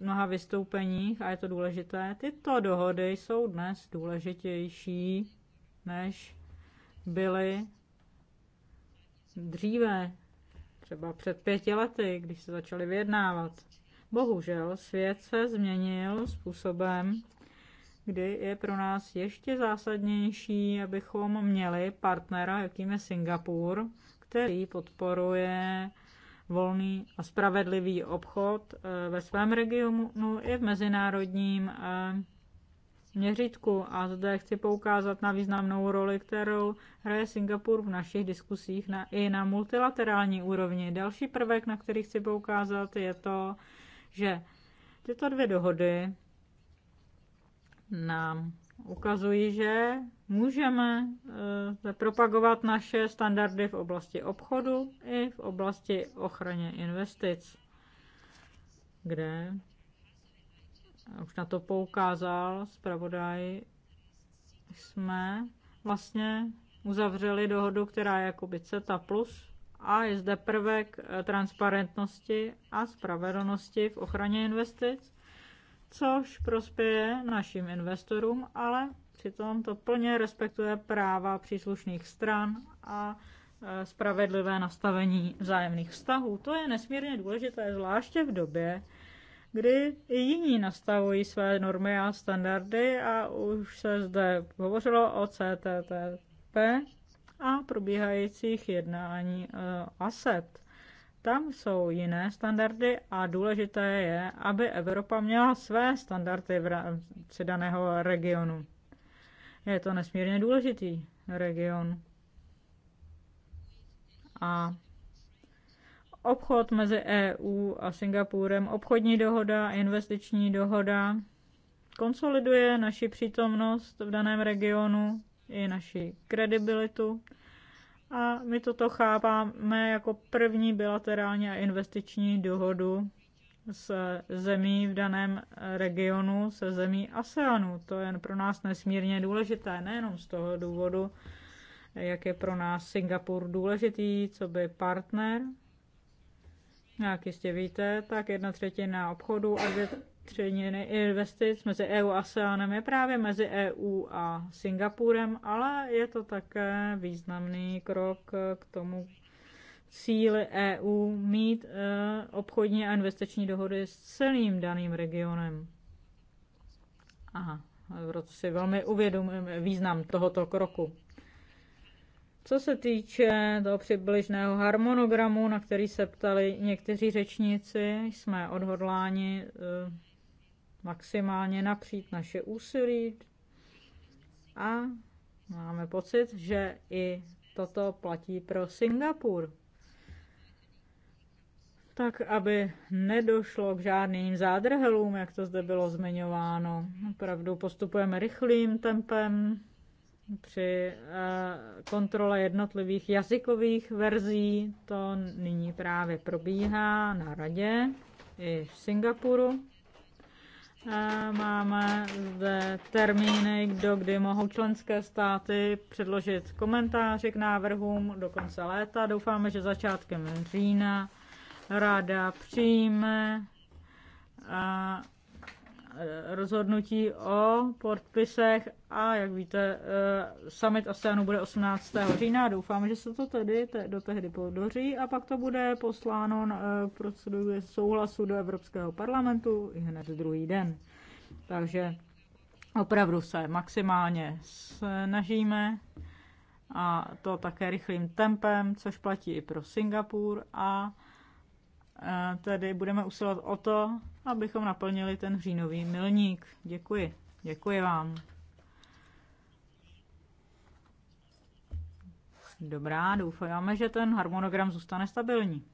mnoha vystoupeních a je to důležité. Tyto dohody jsou dnes důležitější, než byly dříve, třeba před pěti lety, když se začaly vyjednávat. Bohužel svět se změnil způsobem, kdy je pro nás ještě zásadnější, abychom měli partnera, jakým je Singapur, který podporuje volný a spravedlivý obchod eh, ve svém regionu i v mezinárodním eh, měřítku. A zde chci poukázat na významnou roli, kterou hraje Singapur v našich diskusích na, i na multilaterální úrovni. Další prvek, na který chci poukázat, je to, že tyto dvě dohody nám ukazují, že můžeme e, propagovat naše standardy v oblasti obchodu i v oblasti ochraně investic, kde už na to poukázal zpravodaj, jsme vlastně uzavřeli dohodu, která je jakoby CETA plus a je zde prvek eh, transparentnosti a spravedlnosti v ochraně investic, což prospěje našim investorům, ale přitom to plně respektuje práva příslušných stran a eh, spravedlivé nastavení vzájemných vztahů. To je nesmírně důležité, zvláště v době, kdy i jiní nastavují své normy a standardy a už se zde hovořilo o CTTP a probíhajících jednání eh, ASET. Tam jsou jiné standardy a důležité je, aby Evropa měla své standardy v rámci daného regionu. Je to nesmírně důležitý region. A obchod mezi EU a Singapurem, obchodní dohoda, investiční dohoda, konsoliduje naši přítomnost v daném regionu i naši kredibilitu. A my toto chápáme jako první bilaterální a investiční dohodu s zemí v daném regionu, se zemí ASEANu. To je pro nás nesmírně důležité, nejenom z toho důvodu, jak je pro nás Singapur důležitý, co by partner, jak jistě víte, tak jedna třetina obchodu a dvě třetiny investic mezi EU a ASEANem je právě mezi EU a Singapurem, ale je to také významný krok k tomu cíli EU mít eh, obchodní a investiční dohody s celým daným regionem. Aha, proto si velmi uvědomujeme význam tohoto kroku. Co se týče toho přibližného harmonogramu, na který se ptali někteří řečníci, jsme odhodláni eh, maximálně napřít naše úsilí a máme pocit, že i toto platí pro Singapur. Tak, aby nedošlo k žádným zádrhelům, jak to zde bylo zmiňováno. Opravdu postupujeme rychlým tempem, při eh, kontrole jednotlivých jazykových verzí to nyní právě probíhá na radě i v Singapuru. Eh, máme zde termíny, do kdy mohou členské státy předložit komentáře k návrhům do konce léta. Doufáme, že začátkem října rada přijme eh, Eh, rozhodnutí o podpisech a jak víte, eh, summit ASEANu bude 18. října. Doufám, že se to tedy te, do tehdy podaří a pak to bude posláno k eh, proceduře souhlasu do Evropského parlamentu i hned druhý den. Takže opravdu se maximálně snažíme a to také rychlým tempem, což platí i pro Singapur a tedy budeme usilovat o to, abychom naplnili ten hřínový milník. Děkuji. Děkuji vám. Dobrá, doufáme, že ten harmonogram zůstane stabilní.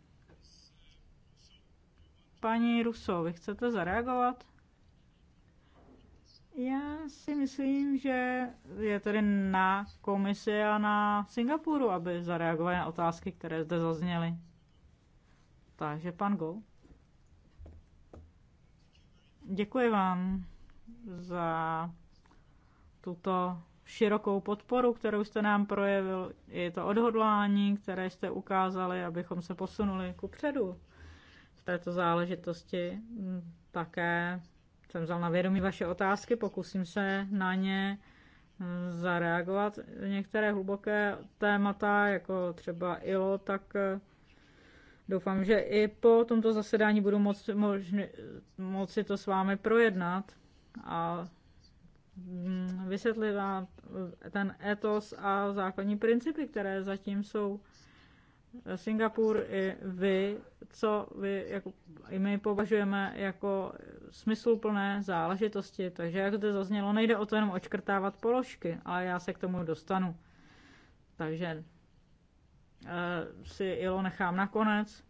Paní Ruso, vy chcete zareagovat? Já si myslím, že je tedy na komisi a na Singapuru, aby zareagovali na otázky, které zde zazněly. Takže pan Go. Děkuji vám za tuto širokou podporu, kterou jste nám projevil. Je to odhodlání, které jste ukázali, abychom se posunuli ku předu v této záležitosti. Také jsem vzal na vědomí vaše otázky, pokusím se na ně eh, zareagovat. Některé hluboké témata, jako třeba ILO, tak eh, Doufám, že i po tomto zasedání budu moc, možný, moci to s vámi projednat a mm, vysvětlit vám ten etos a základní principy, které zatím jsou eh, Singapur i vy, co vy, jako, i my považujeme jako smysluplné záležitosti. Takže, jak to zaznělo, nejde o to jenom očkrtávat položky, ale já se k tomu dostanu. Takže Eh, si ILO nechám nakonec.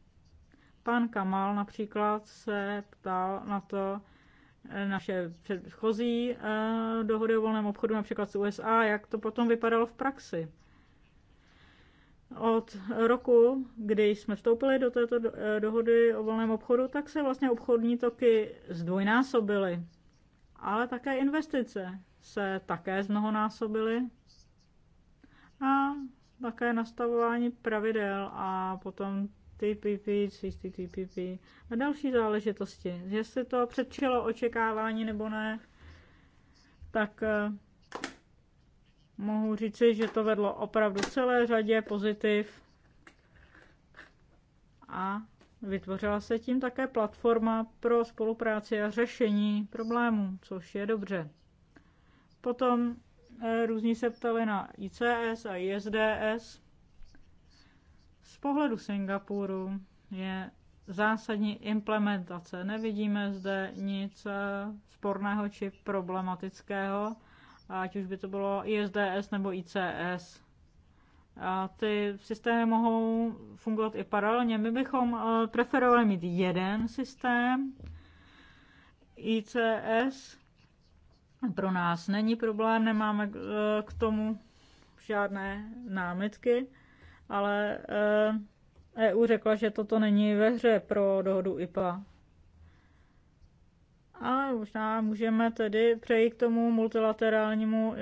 Pan Kamal například se ptal na to, eh, naše předchozí eh, dohody o volném obchodu, například z USA, jak to potom vypadalo v praxi. Od roku, kdy jsme vstoupili do této dohody o volném obchodu, tak se vlastně obchodní toky zdvojnásobily, ale také investice se také zmnohonásobily a také nastavování pravidel a potom TPP, CCTPP a další záležitosti. Jestli to předčilo očekávání nebo ne, tak eh, mohu říci, že to vedlo opravdu celé řadě pozitiv a vytvořila se tím také platforma pro spolupráci a řešení problémů, což je dobře. Potom Eh, různí se ptali na ICS a ISDS. Z pohledu Singapuru je zásadní implementace. Nevidíme zde nic eh, sporného či problematického, ať už by to bylo ISDS nebo ICS. A ty systémy mohou fungovat i paralelně. My bychom eh, preferovali mít jeden systém ICS, pro nás není problém, nemáme eh, k tomu žádné námitky, ale EU eh, e řekla, že toto není ve hře pro dohodu IPA. A možná můžeme tedy přejít k tomu multilaterálnímu eh,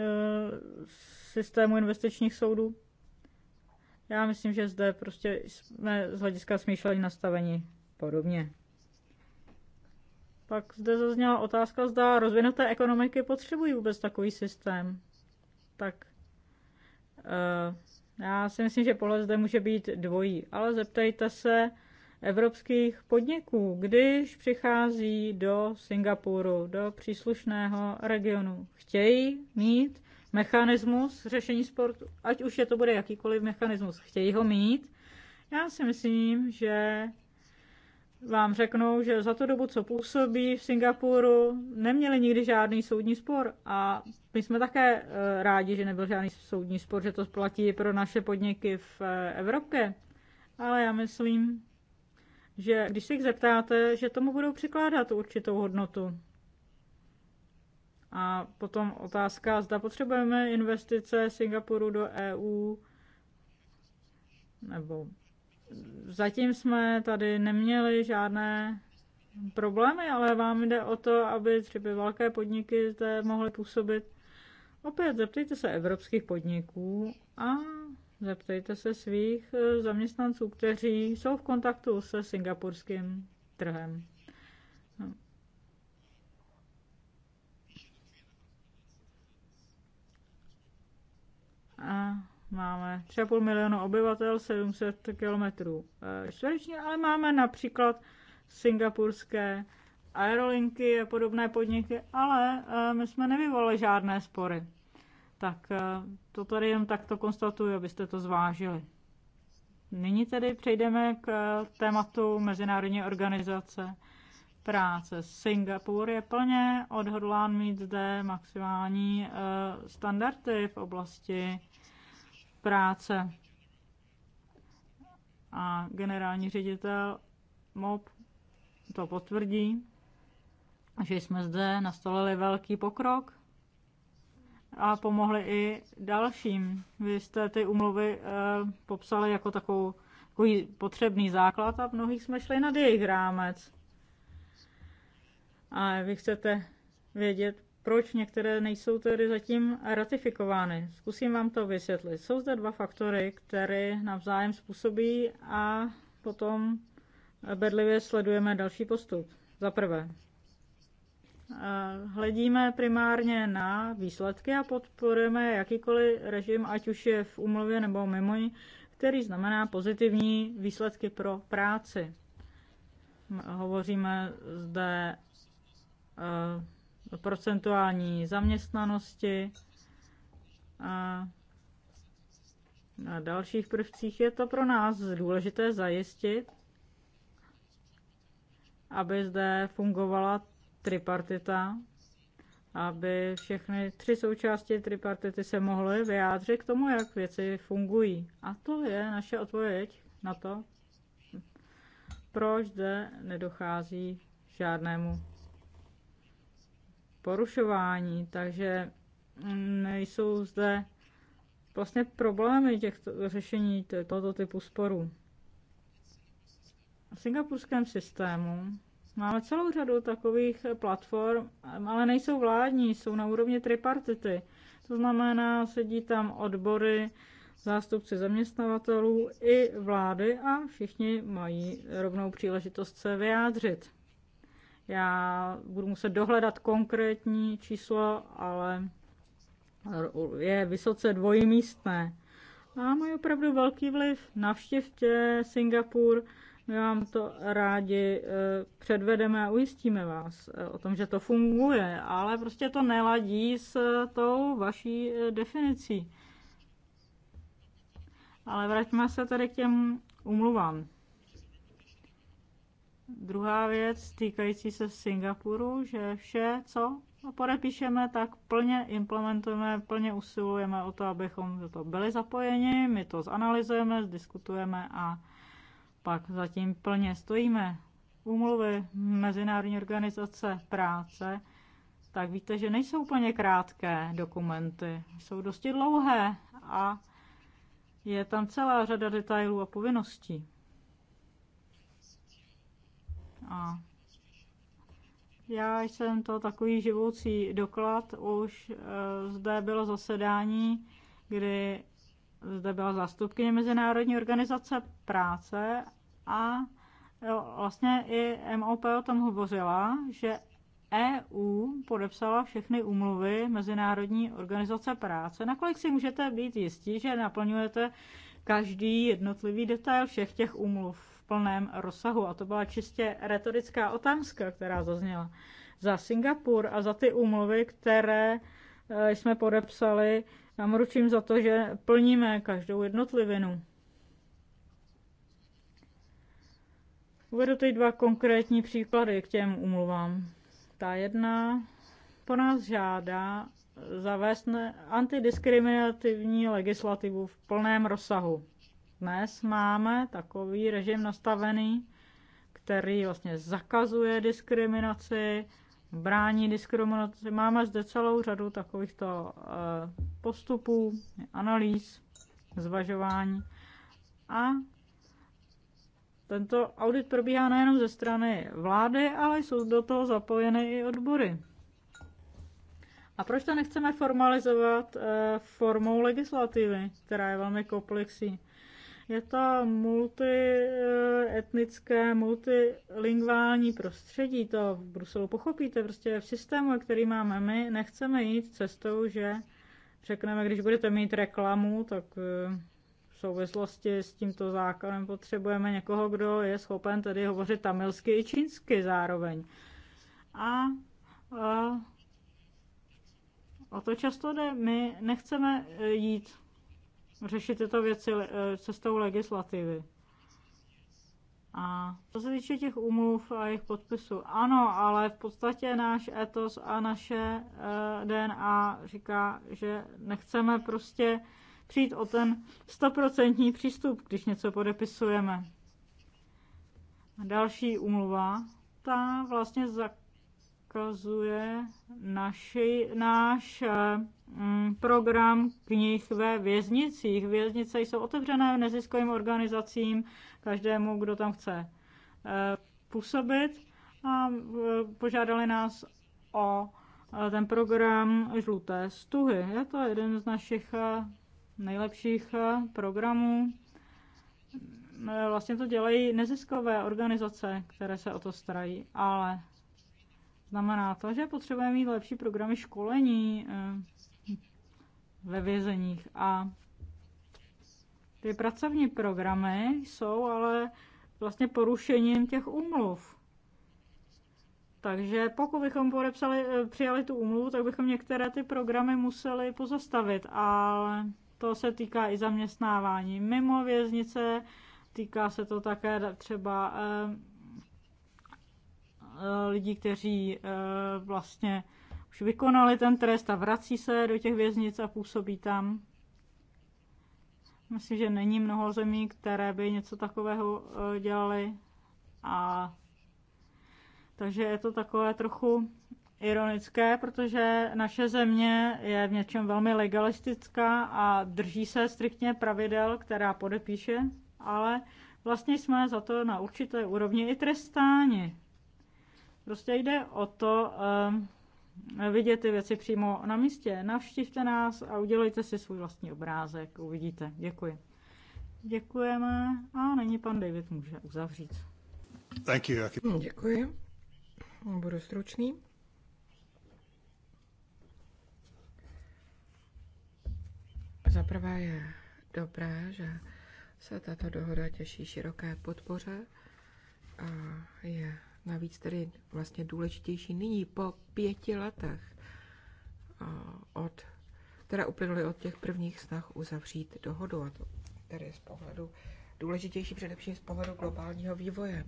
systému investičních soudů. Já myslím, že zde prostě jsme z hlediska smýšlení nastavení podobně. Pak zde zazněla otázka, zda rozvinuté ekonomiky potřebují vůbec takový systém. Tak eh, já si myslím, že pohled zde může být dvojí, ale zeptejte se evropských podniků, když přichází do Singapuru, do příslušného regionu. Chtějí mít mechanismus řešení sportu, ať už je to bude jakýkoliv mechanismus, chtějí ho mít. Já si myslím, že vám řeknou, že za tu dobu, co působí v Singapuru, neměli nikdy žádný soudní spor. A my jsme také eh, rádi, že nebyl žádný soudní spor, že to platí pro naše podniky v eh, Evropě. Ale já myslím, že když se jich zeptáte, že tomu budou přikládat určitou hodnotu. A potom otázka, zda potřebujeme investice Singapuru do EU, nebo zatím jsme tady neměli žádné problémy, ale vám jde o to, aby třeba velké podniky zde mohly působit. Opět zeptejte se evropských podniků a zeptejte se svých eh, zaměstnanců, kteří jsou v kontaktu se singapurským trhem. No. A Máme 3,5 milionu obyvatel, 700 km eh, čtvereční, ale máme například singapurské aerolinky a podobné podniky, ale eh, my jsme nevyvolali žádné spory. Tak eh, to tady jen takto konstatuju, abyste to zvážili. Nyní tedy přejdeme k tématu Mezinárodní organizace práce. Singapur je plně odhodlán mít zde maximální standardy v oblasti práce. A generální ředitel MOP to potvrdí, že jsme zde nastolili velký pokrok a pomohli i dalším. Vy jste ty umluvy eh, popsali jako takovou, takový potřebný základ a mnohých jsme šli nad jejich rámec. A vy chcete vědět, proč některé nejsou tedy zatím ratifikovány. Zkusím vám to vysvětlit. Jsou zde dva faktory, které navzájem způsobí a potom bedlivě sledujeme další postup. Za prvé, eh, hledíme primárně na výsledky a podporujeme jakýkoliv režim, ať už je v umluvě nebo mimo který znamená pozitivní výsledky pro práci. Hovoříme zde eh, procentuální zaměstnanosti a na dalších prvcích je to pro nás důležité zajistit, aby zde fungovala tripartita, aby všechny tři součásti tripartity se mohly vyjádřit k tomu, jak věci fungují. A to je naše odpověď na to, proč zde nedochází žádnému porušování, takže nejsou zde vlastně problémy těchto, řešení tohoto typu sporů. V singapurském systému máme celou řadu takových platform, ale nejsou vládní, jsou na úrovni tripartity. To znamená, sedí tam odbory, zástupci zaměstnavatelů i vlády a všichni mají rovnou příležitost se vyjádřit. Já budu muset dohledat konkrétní číslo, ale je vysoce dvojmístné. A mají opravdu velký vliv. Navštěvte Singapur, my vám to rádi e, předvedeme a ujistíme vás e, o tom, že to funguje, ale prostě to neladí s e, tou vaší definicí. Ale vraťme se tady k těm umluvám. Druhá věc týkající se Singapuru, že vše, co podepíšeme, tak plně implementujeme, plně usilujeme o to, abychom do toho byli zapojeni, my to zanalizujeme, zdiskutujeme a pak zatím plně stojíme. Úmluvy Mezinárodní organizace práce, tak víte, že nejsou úplně krátké dokumenty, jsou dosti dlouhé a je tam celá řada detailů a povinností. A já jsem to takový živoucí doklad. Už eh, zde bylo zasedání, kdy zde byla zástupkyně Mezinárodní organizace práce a jo, eh, vlastně i MOP o tom hovořila, že EU podepsala všechny úmluvy Mezinárodní organizace práce. Nakolik si můžete být jistí, že naplňujete každý jednotlivý detail všech těch úmluv? v plném rozsahu. A to byla čistě retorická otázka, která zazněla. Za Singapur a za ty úmluvy, které eh, jsme podepsali, Já ručím za to, že plníme každou jednotlivinu. Uvedu teď dva konkrétní příklady k těm umluvám. Ta jedna po nás žádá zavést antidiskriminativní legislativu v plném rozsahu. Dnes máme takový režim nastavený, který vlastně zakazuje diskriminaci, brání diskriminaci. Máme zde celou řadu takovýchto eh, postupů, analýz, zvažování. A tento audit probíhá nejenom ze strany vlády, ale jsou do toho zapojeny i odbory. A proč to nechceme formalizovat eh, formou legislativy, která je velmi komplexní? Je to multietnické, eh, multilingvální prostředí, to v Bruselu pochopíte, prostě v systému, který máme my, nechceme jít cestou, že řekneme, když budete mít reklamu, tak eh, v souvislosti s tímto zákonem potřebujeme někoho, kdo je schopen tedy hovořit tamilsky i čínsky zároveň. A, a eh, o to často jde. My nechceme jít řešit tyto věci eh, cestou legislativy. A co se týče těch umluv a jejich podpisů, ano, ale v podstatě náš etos a naše eh, DNA říká, že nechceme prostě přijít o ten stoprocentní přístup, když něco podepisujeme. Další umluva, ta vlastně zak zakazuje naši, náš eh, mm, program knih ve věznicích. Věznice jsou otevřené neziskovým organizacím, každému, kdo tam chce eh, působit. A eh, požádali nás o ten program Žluté stuhy. Je to jeden z našich nejlepších programů. Vlastně to dělají neziskové organizace, které se o to starají, ale Znamená to, že potřebujeme mít lepší programy školení eh, ve vězeních a ty pracovní programy jsou ale vlastně porušením těch umluv. Takže pokud bychom podepsali, eh, přijali tu umluvu, tak bychom některé ty programy museli pozastavit, A to se týká i zaměstnávání mimo věznice, týká se to také třeba eh, Eh, lidí, kteří eh, vlastně už vykonali ten trest a vrací se do těch věznic a působí tam. Myslím, že není mnoho zemí, které by něco takového eh, dělali. A takže je to takové trochu ironické, protože naše země je v něčem velmi legalistická a drží se striktně pravidel, která podepíše, ale vlastně jsme za to na určité úrovni i trestáni. Prostě jde o to eh, vidět ty věci přímo na místě. Navštivte nás a udělejte si svůj vlastní obrázek, uvidíte. Děkuji. Děkujeme a není pan David může uzavřít. Thank you. Děkuji. Budu stručný. Zaprvé je dobré, že se tato dohoda těší široké podpoře a je navíc tedy vlastně důležitější nyní po pěti letech od, které uplynuly od těch prvních snah uzavřít dohodu a to tedy z pohledu důležitější především z pohledu globálního vývoje.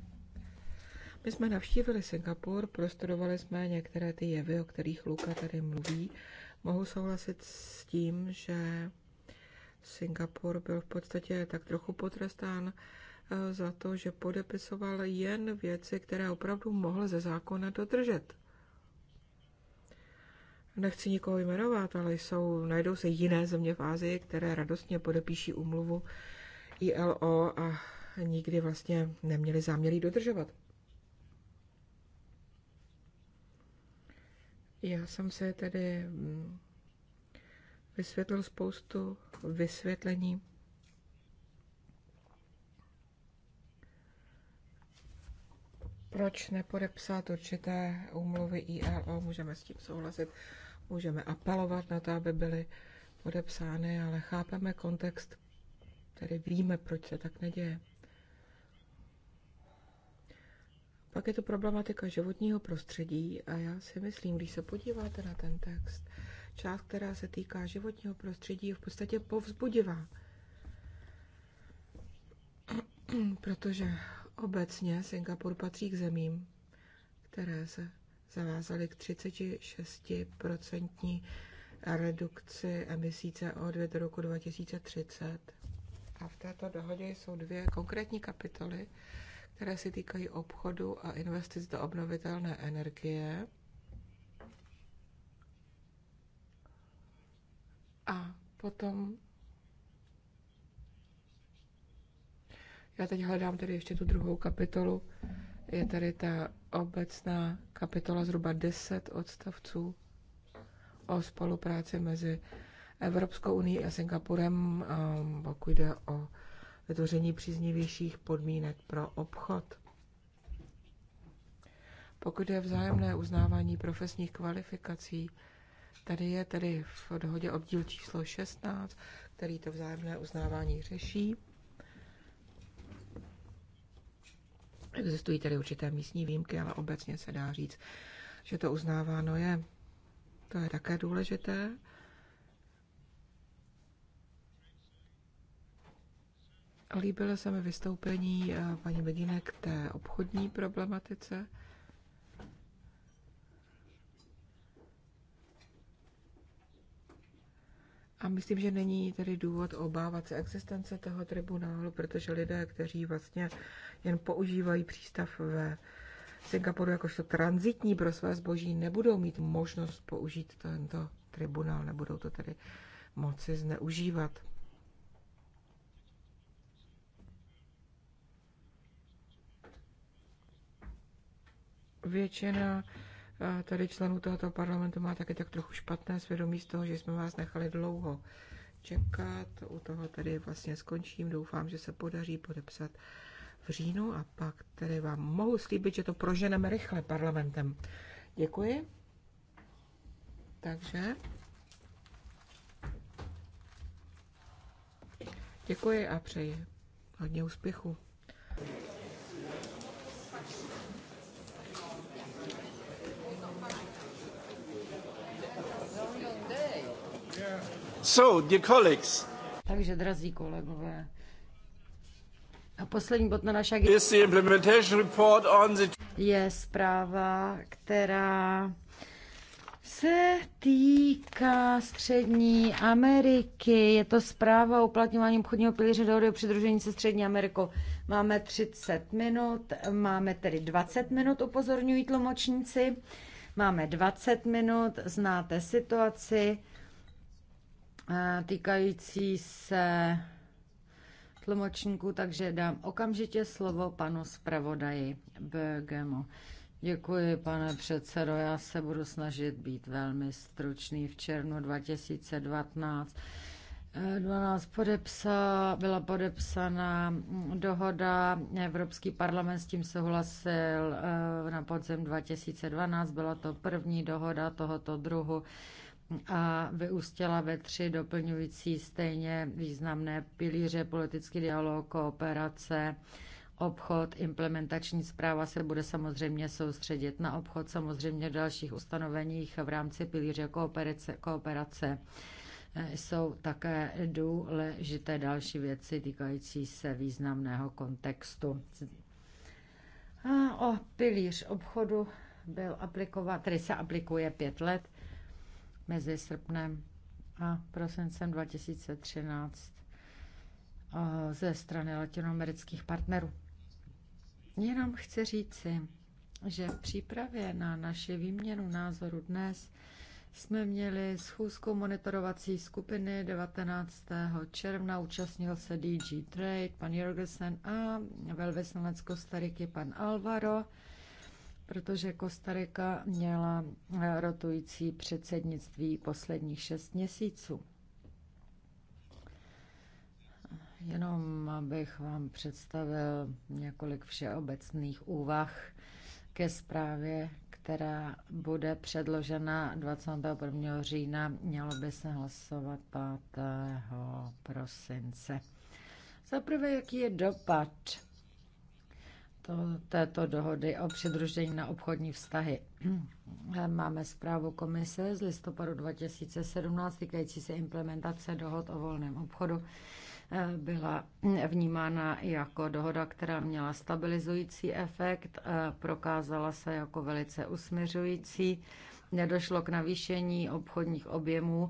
My jsme navštívili Singapur, prostudovali jsme některé ty jevy, o kterých Luka tady mluví. Mohu souhlasit s tím, že Singapur byl v podstatě tak trochu potrestán Eh, za to, že podepisoval jen věci, které opravdu mohl ze zákona dodržet. Nechci nikoho jmenovat, ale jsou, najdou se jiné země v Ázii, které radostně podepíší umluvu ILO a nikdy vlastně neměli záměr ji dodržovat. Já jsem se tedy mm, vysvětlil spoustu vysvětlení proč nepodepsat určité úmluvy ILO, můžeme s tím souhlasit, můžeme apelovat na to, aby byly podepsány, ale chápeme kontext, tedy víme, proč se tak neděje. Pak je to problematika životního prostředí a já si myslím, když se podíváte na ten text, část, která se týká životního prostředí, je v podstatě povzbudivá. Protože Obecně Singapur patří k zemím, které se zavázaly k 36% redukci emisí CO2 do roku 2030. A v této dohodě jsou dvě konkrétní kapitoly, které se týkají obchodu a investic do obnovitelné energie. A potom Já teď hledám tedy ještě tu druhou kapitolu. Je tady ta obecná kapitola zhruba 10 odstavců o spolupráci mezi Evropskou unii a Singapurem, pokud jde o vytvoření příznivějších podmínek pro obchod. Pokud je vzájemné uznávání profesních kvalifikací, tady je tedy v dohodě obdíl číslo 16, který to vzájemné uznávání řeší. Existují tedy určité místní výjimky, ale obecně se dá říct, že to uznáváno je. To je také důležité. Líbilo se mi vystoupení eh, paní Medinek té obchodní problematice. A myslím, že není tedy důvod obávat se existence toho tribunálu, protože lidé, kteří vlastně jen používají přístav ve Singapuru jakožto transitní pro své zboží, nebudou mít možnost použít tento tribunál, nebudou to tedy moci zneužívat. Většina tady členů tohoto parlamentu má taky tak trochu špatné svědomí z toho, že jsme vás nechali dlouho čekat. U toho tady vlastně skončím. Doufám, že se podaří podepsat v říjnu a pak tedy vám mohu slíbit, že to proženeme rychle parlamentem. Děkuji. Takže. Děkuji a přeji hodně úspěchu. So, dear colleagues. Takže, drazí kolegové. A poslední bod na naší the... je zpráva, která se týká Střední Ameriky. Je to zpráva o uplatňování obchodního pilíře dohody o přidružení se Střední Amerikou. Máme 30 minut, máme tedy 20 minut, upozorňují tlumočníci. Máme 20 minut, znáte situaci týkající se tlumočníků, takže dám okamžitě slovo panu zpravodaji Bögemu. Děkuji, pane předsedo. Já se budu snažit být velmi stručný. V červnu 2019 12 eh, podepsa, byla podepsána dohoda, Evropský parlament s tím souhlasil eh, na podzem 2012, byla to první dohoda tohoto druhu a vyústila ve tři doplňující stejně významné pilíře politický dialog, kooperace, obchod, implementační zpráva se bude samozřejmě soustředit na obchod, samozřejmě v dalších ustanoveních v rámci pilíře kooperace, kooperace jsou také důležité další věci týkající se významného kontextu. A o pilíř obchodu byl aplikovat, který se aplikuje pět let mezi srpnem a prosincem 2013 eh, ze strany latinoamerických partnerů. Jenom chci říci, že v přípravě na naši výměnu názoru dnes jsme měli schůzku monitorovací skupiny 19. června. Účastnil se DG Trade, pan Jorgensen a velvyslanec Kostariky, pan Alvaro protože Kostarika měla eh, rotující předsednictví posledních šest měsíců. Jenom abych vám představil několik všeobecných úvah ke zprávě, která bude předložena 21. října, mělo by se hlasovat 5. prosince. Za prvé, jaký je dopad to, této dohody o přidružení na obchodní vztahy. Máme zprávu komise z listopadu 2017 týkající se implementace dohod o volném obchodu. Eh, byla vnímána jako dohoda, která měla stabilizující efekt, eh, prokázala se jako velice usměřující, nedošlo k navýšení obchodních objemů,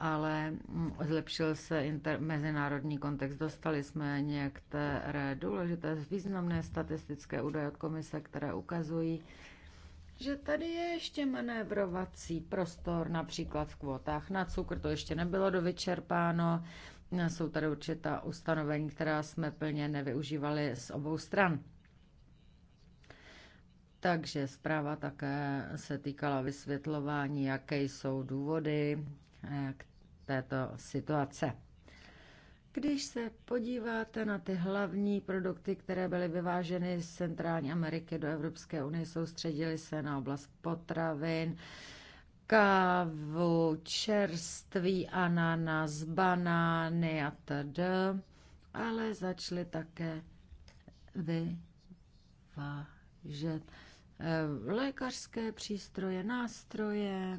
ale mm, zlepšil se inter- mezinárodní kontext. Dostali jsme některé důležité významné statistické údaje od komise, které ukazují, že tady je ještě manévrovací prostor, například v kvotách na cukr, to ještě nebylo dovyčerpáno, jsou tady určitá ustanovení, která jsme plně nevyužívali z obou stran. Takže zpráva také se týkala vysvětlování, jaké jsou důvody k této situace. Když se podíváte na ty hlavní produkty, které byly vyváženy z Centrální Ameriky do Evropské unie, soustředili se na oblast potravin, kávu, čerství, ananas, banány a td. Ale začaly také vyvážet eh, lékařské přístroje, nástroje,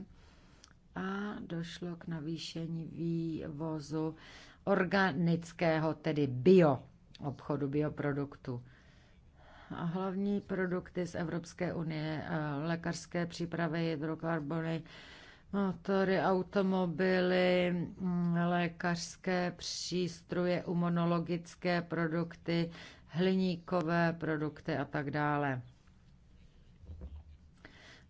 a došlo k navýšení vývozu organického, tedy bio obchodu, bioproduktu. A hlavní produkty z Evropské unie, eh, lékařské přípravy, hydrokarbony, motory, automobily, mm, lékařské přístroje, umonologické produkty, hliníkové produkty a tak dále.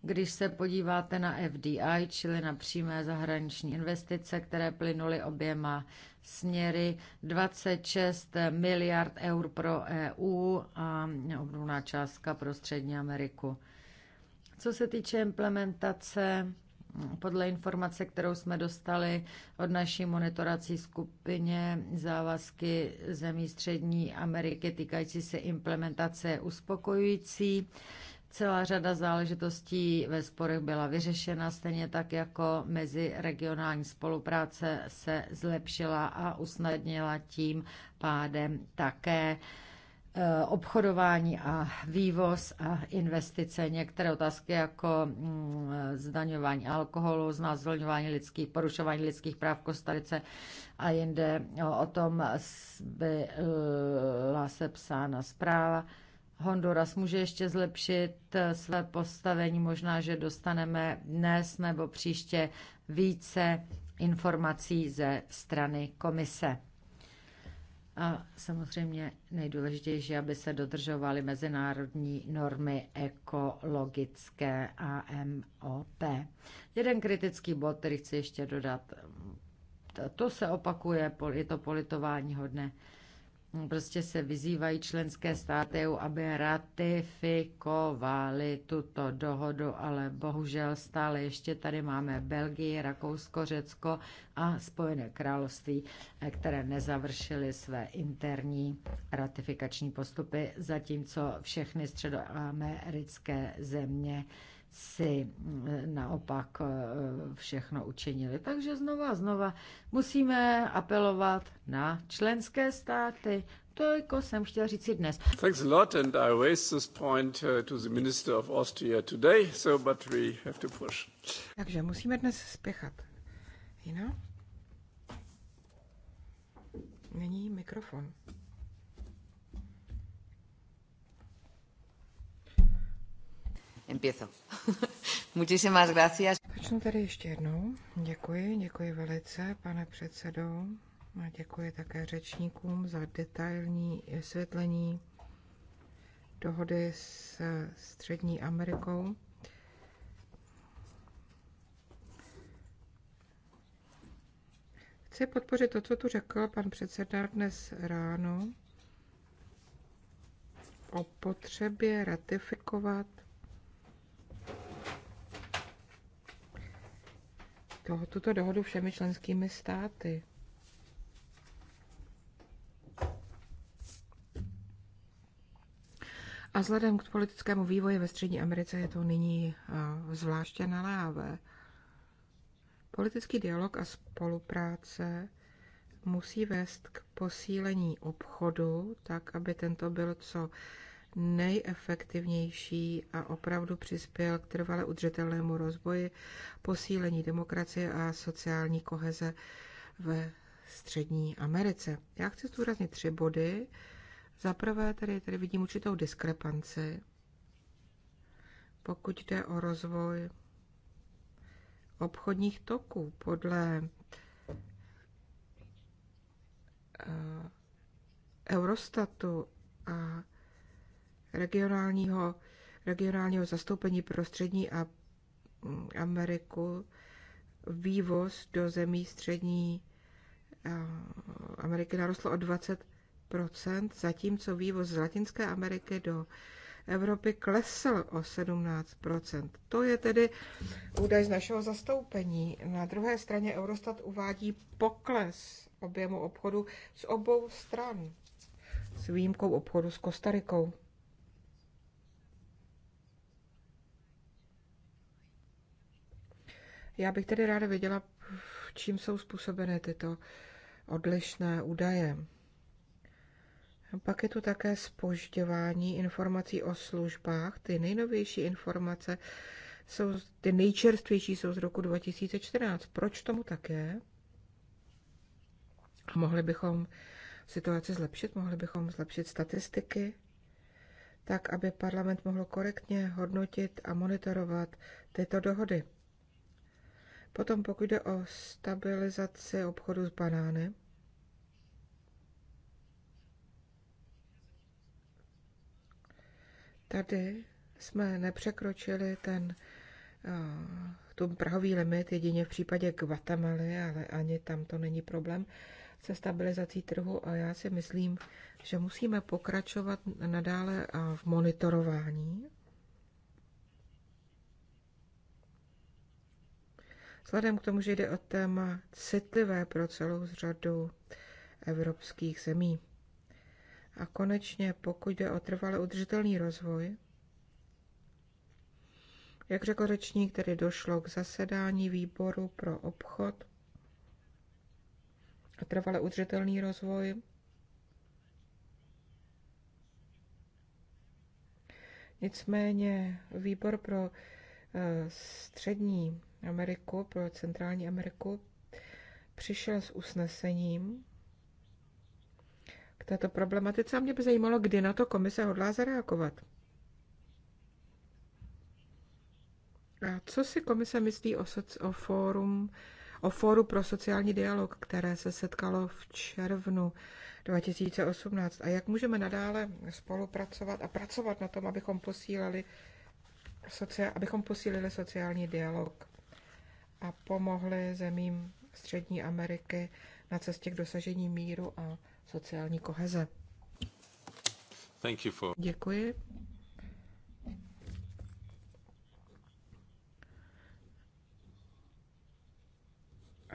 Když se podíváte na FDI, čili na přímé zahraniční investice, které plynuly oběma směry, 26 miliard eur pro EU a obdobná částka pro Střední Ameriku. Co se týče implementace, podle informace, kterou jsme dostali od naší monitorací skupině závazky zemí Střední Ameriky týkající se implementace uspokojující. Celá řada záležitostí ve sporech byla vyřešena, stejně tak jako mezi regionální spolupráce se zlepšila a usnadnila tím pádem také eh, obchodování a vývoz a investice. Některé otázky jako mm, zdaňování alkoholu, znázorňování lidských, porušování lidských práv v Kostarice a jinde. O tom byla se psána zpráva. Honduras může ještě zlepšit eh, své postavení. Možná, že dostaneme dnes nebo příště více informací ze strany komise. A samozřejmě nejdůležitější, aby se dodržovaly mezinárodní normy ekologické a MOP. Jeden kritický bod, který chci ještě dodat, to se opakuje, je to politování hodné prostě se vyzývají členské státy aby ratifikovali tuto dohodu, ale bohužel stále ještě tady máme Belgii, Rakousko, Řecko a Spojené království, eh, které nezavršily své interní ratifikační postupy, zatímco všechny středoamerické země si eh, naopak eh, všechno učinili. Takže znova a znova musíme apelovat na členské státy. To jako jsem chtěla říct si dnes. Thanks a lot and I raised this point eh, to the minister of Austria today, so but we have to push. Takže musíme dnes spěchat. Jinak? Není mikrofon. empiezo. Muchísimas gracias. Začnu tady ještě jednou. Děkuji, děkuji velice, pane předsedo. A děkuji také řečníkům za detailní vysvětlení dohody s Střední Amerikou. Chci podpořit to, co tu řekl pan předseda dnes ráno o potřebě ratifikovat to, tuto dohodu všemi členskými státy. A vzhledem k politickému vývoji ve Střední Americe je to nyní eh, zvláště naléhavé. Politický dialog a spolupráce musí vést k posílení obchodu, tak aby tento byl co nejefektivnější a opravdu přispěl k trvale udržitelnému rozvoji, posílení demokracie a sociální koheze ve Střední Americe. Já chci zdůraznit tři body. Za prvé tady, tady vidím určitou diskrepanci, pokud jde o rozvoj obchodních toků podle eh, Eurostatu a regionálního, regionálního zastoupení pro střední a mm, Ameriku vývoz do zemí střední eh, Ameriky narostl o 20 zatímco vývoz z Latinské Ameriky do Evropy klesl o 17 To je tedy údaj z našeho zastoupení. Na druhé straně Eurostat uvádí pokles objemu obchodu z obou stran, s výjimkou obchodu s Kostarikou. Já bych tedy ráda věděla, čím jsou způsobeny tyto odlišné údaje. Pak je tu také spožďování informací o službách. Ty nejnovější informace jsou, ty nejčerstvější jsou z roku 2014. Proč tomu tak je? Mohli bychom situaci zlepšit, mohli bychom zlepšit statistiky, tak aby parlament mohl korektně hodnotit a monitorovat tyto dohody. Potom pokud jde o stabilizaci obchodu s banány, tady jsme nepřekročili ten eh, tu prahový limit jedině v případě Guatemaly, ale ani tam to není problém se stabilizací trhu a já si myslím, že musíme pokračovat nadále eh, v monitorování Vzhledem k tomu, že jde o téma citlivé pro celou řadu evropských zemí. A konečně, pokud jde o trvale udržitelný rozvoj, jak řekl řečník, tedy došlo k zasedání výboru pro obchod a trvale udržitelný rozvoj. Nicméně výbor pro eh, střední Ameriku, pro centrální Ameriku, přišel s usnesením k této problematice a mě by zajímalo, kdy na to komise hodlá zareagovat. A co si komise myslí o, soc- o fórum o Fóru pro sociální dialog, které se setkalo v červnu 2018 a jak můžeme nadále spolupracovat a pracovat na tom, abychom posílili, abychom posílili sociální dialog a pomohli zemím Střední Ameriky na cestě k dosažení míru a sociální koheze. Děkuji.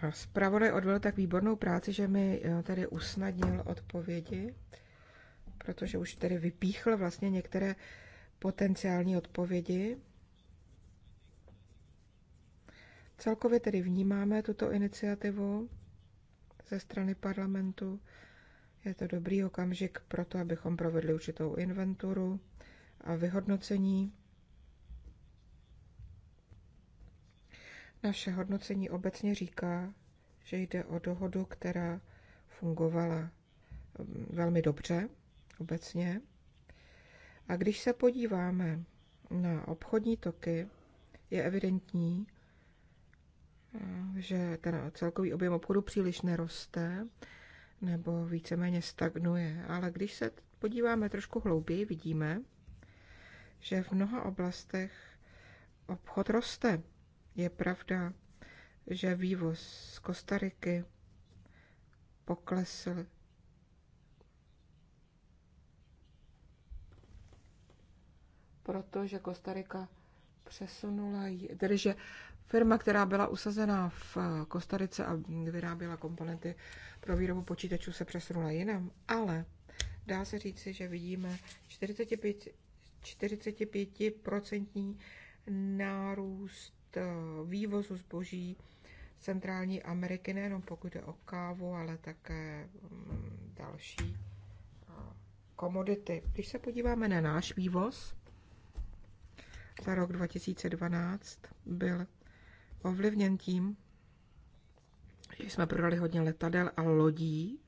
Spravodaj odvedl tak výbornou práci, že mi eh, tady usnadnil odpovědi, protože už tady vypíchl vlastně některé potenciální odpovědi. Celkově tedy vnímáme tuto iniciativu ze strany parlamentu. Je to dobrý okamžik pro to, abychom provedli určitou inventuru a vyhodnocení. Naše hodnocení obecně říká, že jde o dohodu, která fungovala mm, velmi dobře obecně. A když se podíváme na obchodní toky, je evidentní, že ten celkový objem obchodu příliš neroste nebo víceméně stagnuje. Ale když se podíváme trošku hlouběji, vidíme, že v mnoha oblastech obchod roste. Je pravda, že vývoz z Kostariky poklesl protože Kostarika přesunula, tedy že Firma, která byla usazená v Kostarice a vyráběla komponenty pro výrobu počítačů, se přesunula jinam, ale dá se říci, že vidíme 45, 45% nárůst eh, vývozu zboží centrální Ameriky, nejenom pokud jde o kávu, ale také mm, další eh, komodity. Když se podíváme na náš vývoz, za rok 2012 byl ovlivněn tím, že jsme prodali hodně letadel a lodí.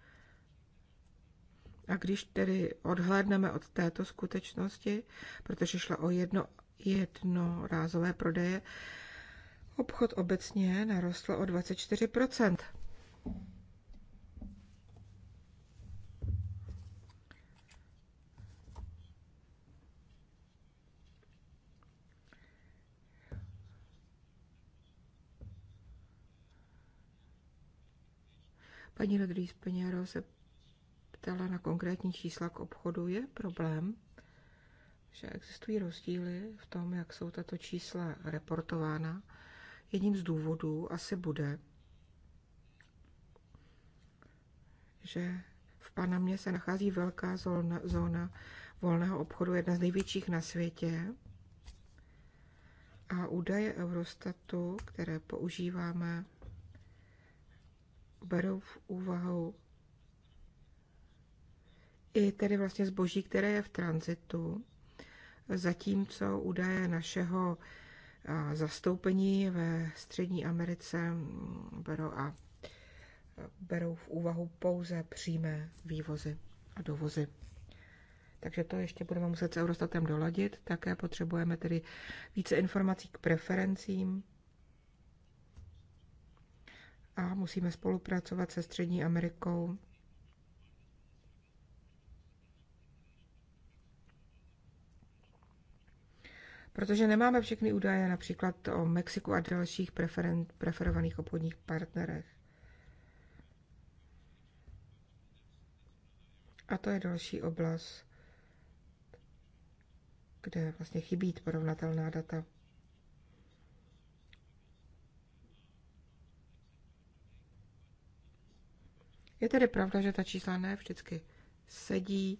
A když tedy odhlédneme od této skutečnosti, protože šlo o jedno, jedno rázové prodeje, obchod obecně narostl o 24 Paní Rodríguez Peněro se ptala na konkrétní čísla k obchodu. Je problém, že existují rozdíly v tom, jak jsou tato čísla reportována. Jedním z důvodů asi bude, že v Panamě se nachází velká zóna, zóna volného obchodu, jedna z největších na světě. A údaje Eurostatu, které používáme, berou v úvahu i tedy vlastně zboží, které je v tranzitu, zatímco údaje našeho zastoupení ve Střední Americe mm, berou, a berou v úvahu pouze přímé vývozy a dovozy. Takže to ještě budeme muset s Eurostatem doladit. Také potřebujeme tedy více informací k preferencím a musíme spolupracovat se Střední Amerikou. Protože nemáme všechny údaje například o Mexiku a dalších preferen- preferovaných obchodních partnerech. A to je další oblast, kde vlastně chybí porovnatelná data. Je tedy pravda, že ta čísla ne vždycky sedí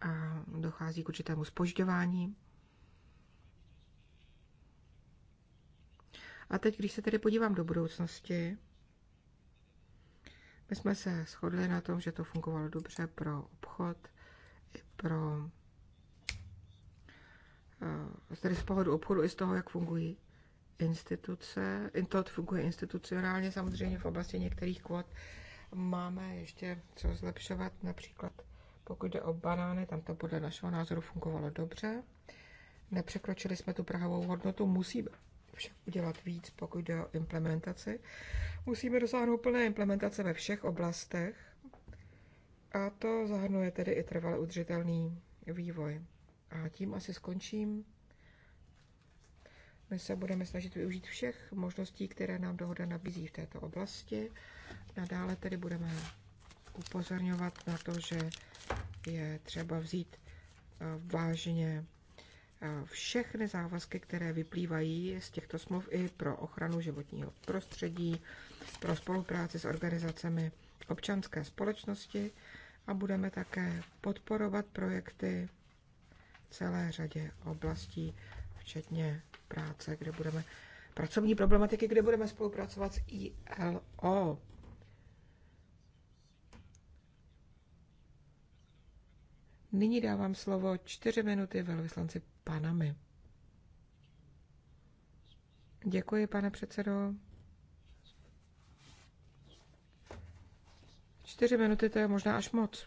a dochází k určitému spožďování. A teď, když se tedy podívám do budoucnosti, my jsme se shodli na tom, že to fungovalo dobře pro obchod i pro eh, tedy z pohledu obchodu i z toho, jak fungují instituce, to funguje institucionálně, samozřejmě v oblasti některých kvot máme ještě co zlepšovat, například pokud jde o banány, tam to podle našeho názoru fungovalo dobře. Nepřekročili jsme tu prahovou hodnotu, musíme však udělat víc, pokud jde o implementaci. Musíme dosáhnout plné implementace ve všech oblastech a to zahrnuje tedy i trvale udržitelný vývoj. A tím asi skončím. My se budeme snažit využít všech možností, které nám dohoda nabízí v této oblasti. Nadále tedy budeme upozorňovat na to, že je třeba vzít eh, vážně eh, všechny závazky, které vyplývají z těchto smluv i pro ochranu životního prostředí, pro spolupráci s organizacemi občanské společnosti a budeme také podporovat projekty v celé řadě oblastí, včetně práce, kde budeme, pracovní problematiky, kde budeme spolupracovat s ILO. Nyní dávám slovo čtyři minuty velvyslanci Panamy. Děkuji, pane předsedo. Čtyři minuty to je možná až moc.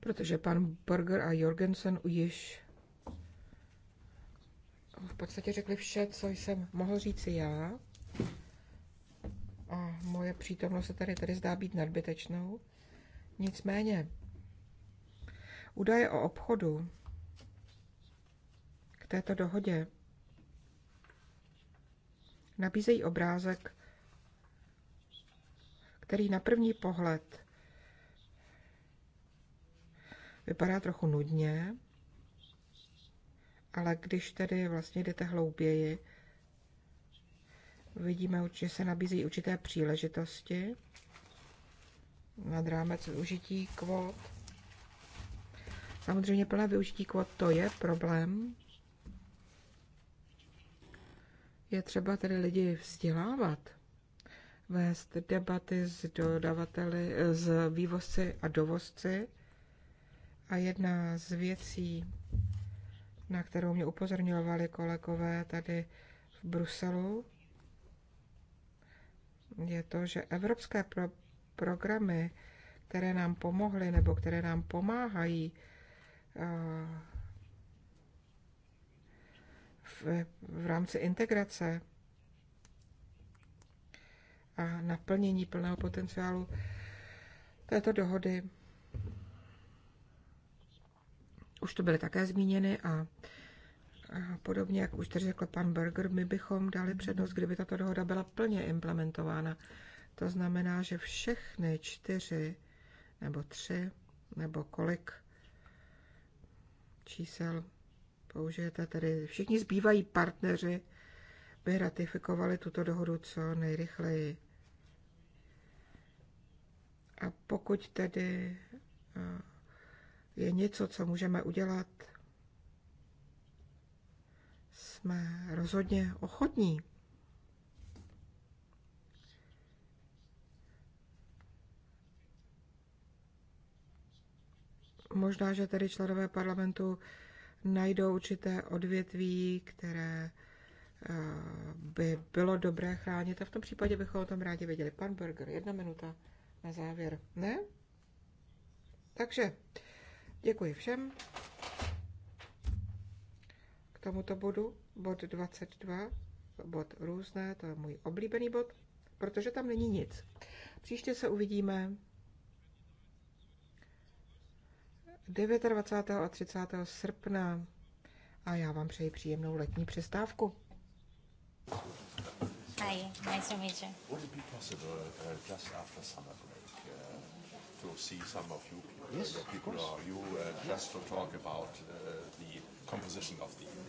Protože pan Burger a Jorgensen již v podstatě řekli vše, co jsem mohl říci já. A moje přítomnost se tady tady zdá být nadbytečnou. Nicméně, údaje o obchodu k této dohodě nabízejí obrázek, který na první pohled vypadá trochu nudně, ale když tedy vlastně jdete hlouběji, vidíme, že se nabízí určité příležitosti nad rámec využití kvot. Samozřejmě plné využití kvot to je problém. Je třeba tedy lidi vzdělávat, vést debaty s dodavateli, s vývozci a dovozci. A jedna z věcí, na kterou mě upozorňovali kolegové tady v Bruselu, je to, že evropské pro- programy, které nám pomohly nebo které nám pomáhají eh, v, v rámci integrace a naplnění plného potenciálu této dohody, už to byly také zmíněny a podobně, jak už tady řekl pan Berger, my bychom dali přednost, kdyby tato dohoda byla plně implementována. To znamená, že všechny čtyři nebo tři nebo kolik čísel použijete, tedy všichni zbývají partneři, by ratifikovali tuto dohodu co nejrychleji. A pokud tedy je něco, co můžeme udělat, jsme rozhodně ochotní. Možná, že tedy členové parlamentu najdou určité odvětví, které eh, by bylo dobré chránit. A v tom případě bychom o tom rádi věděli. Pan Berger, jedna minuta na závěr. Ne? Takže Děkuji všem. K tomuto bodu, bod 22, bod různé, to je můj oblíbený bod, protože tam není nic. Příště se uvidíme 29. a 30. srpna a já vám přeji příjemnou letní přestávku. Hi, nice to meet you. Would it be possible uh, just after summer break? to see some of you. Yes, people of course. are you uh, just to talk about uh, the composition of the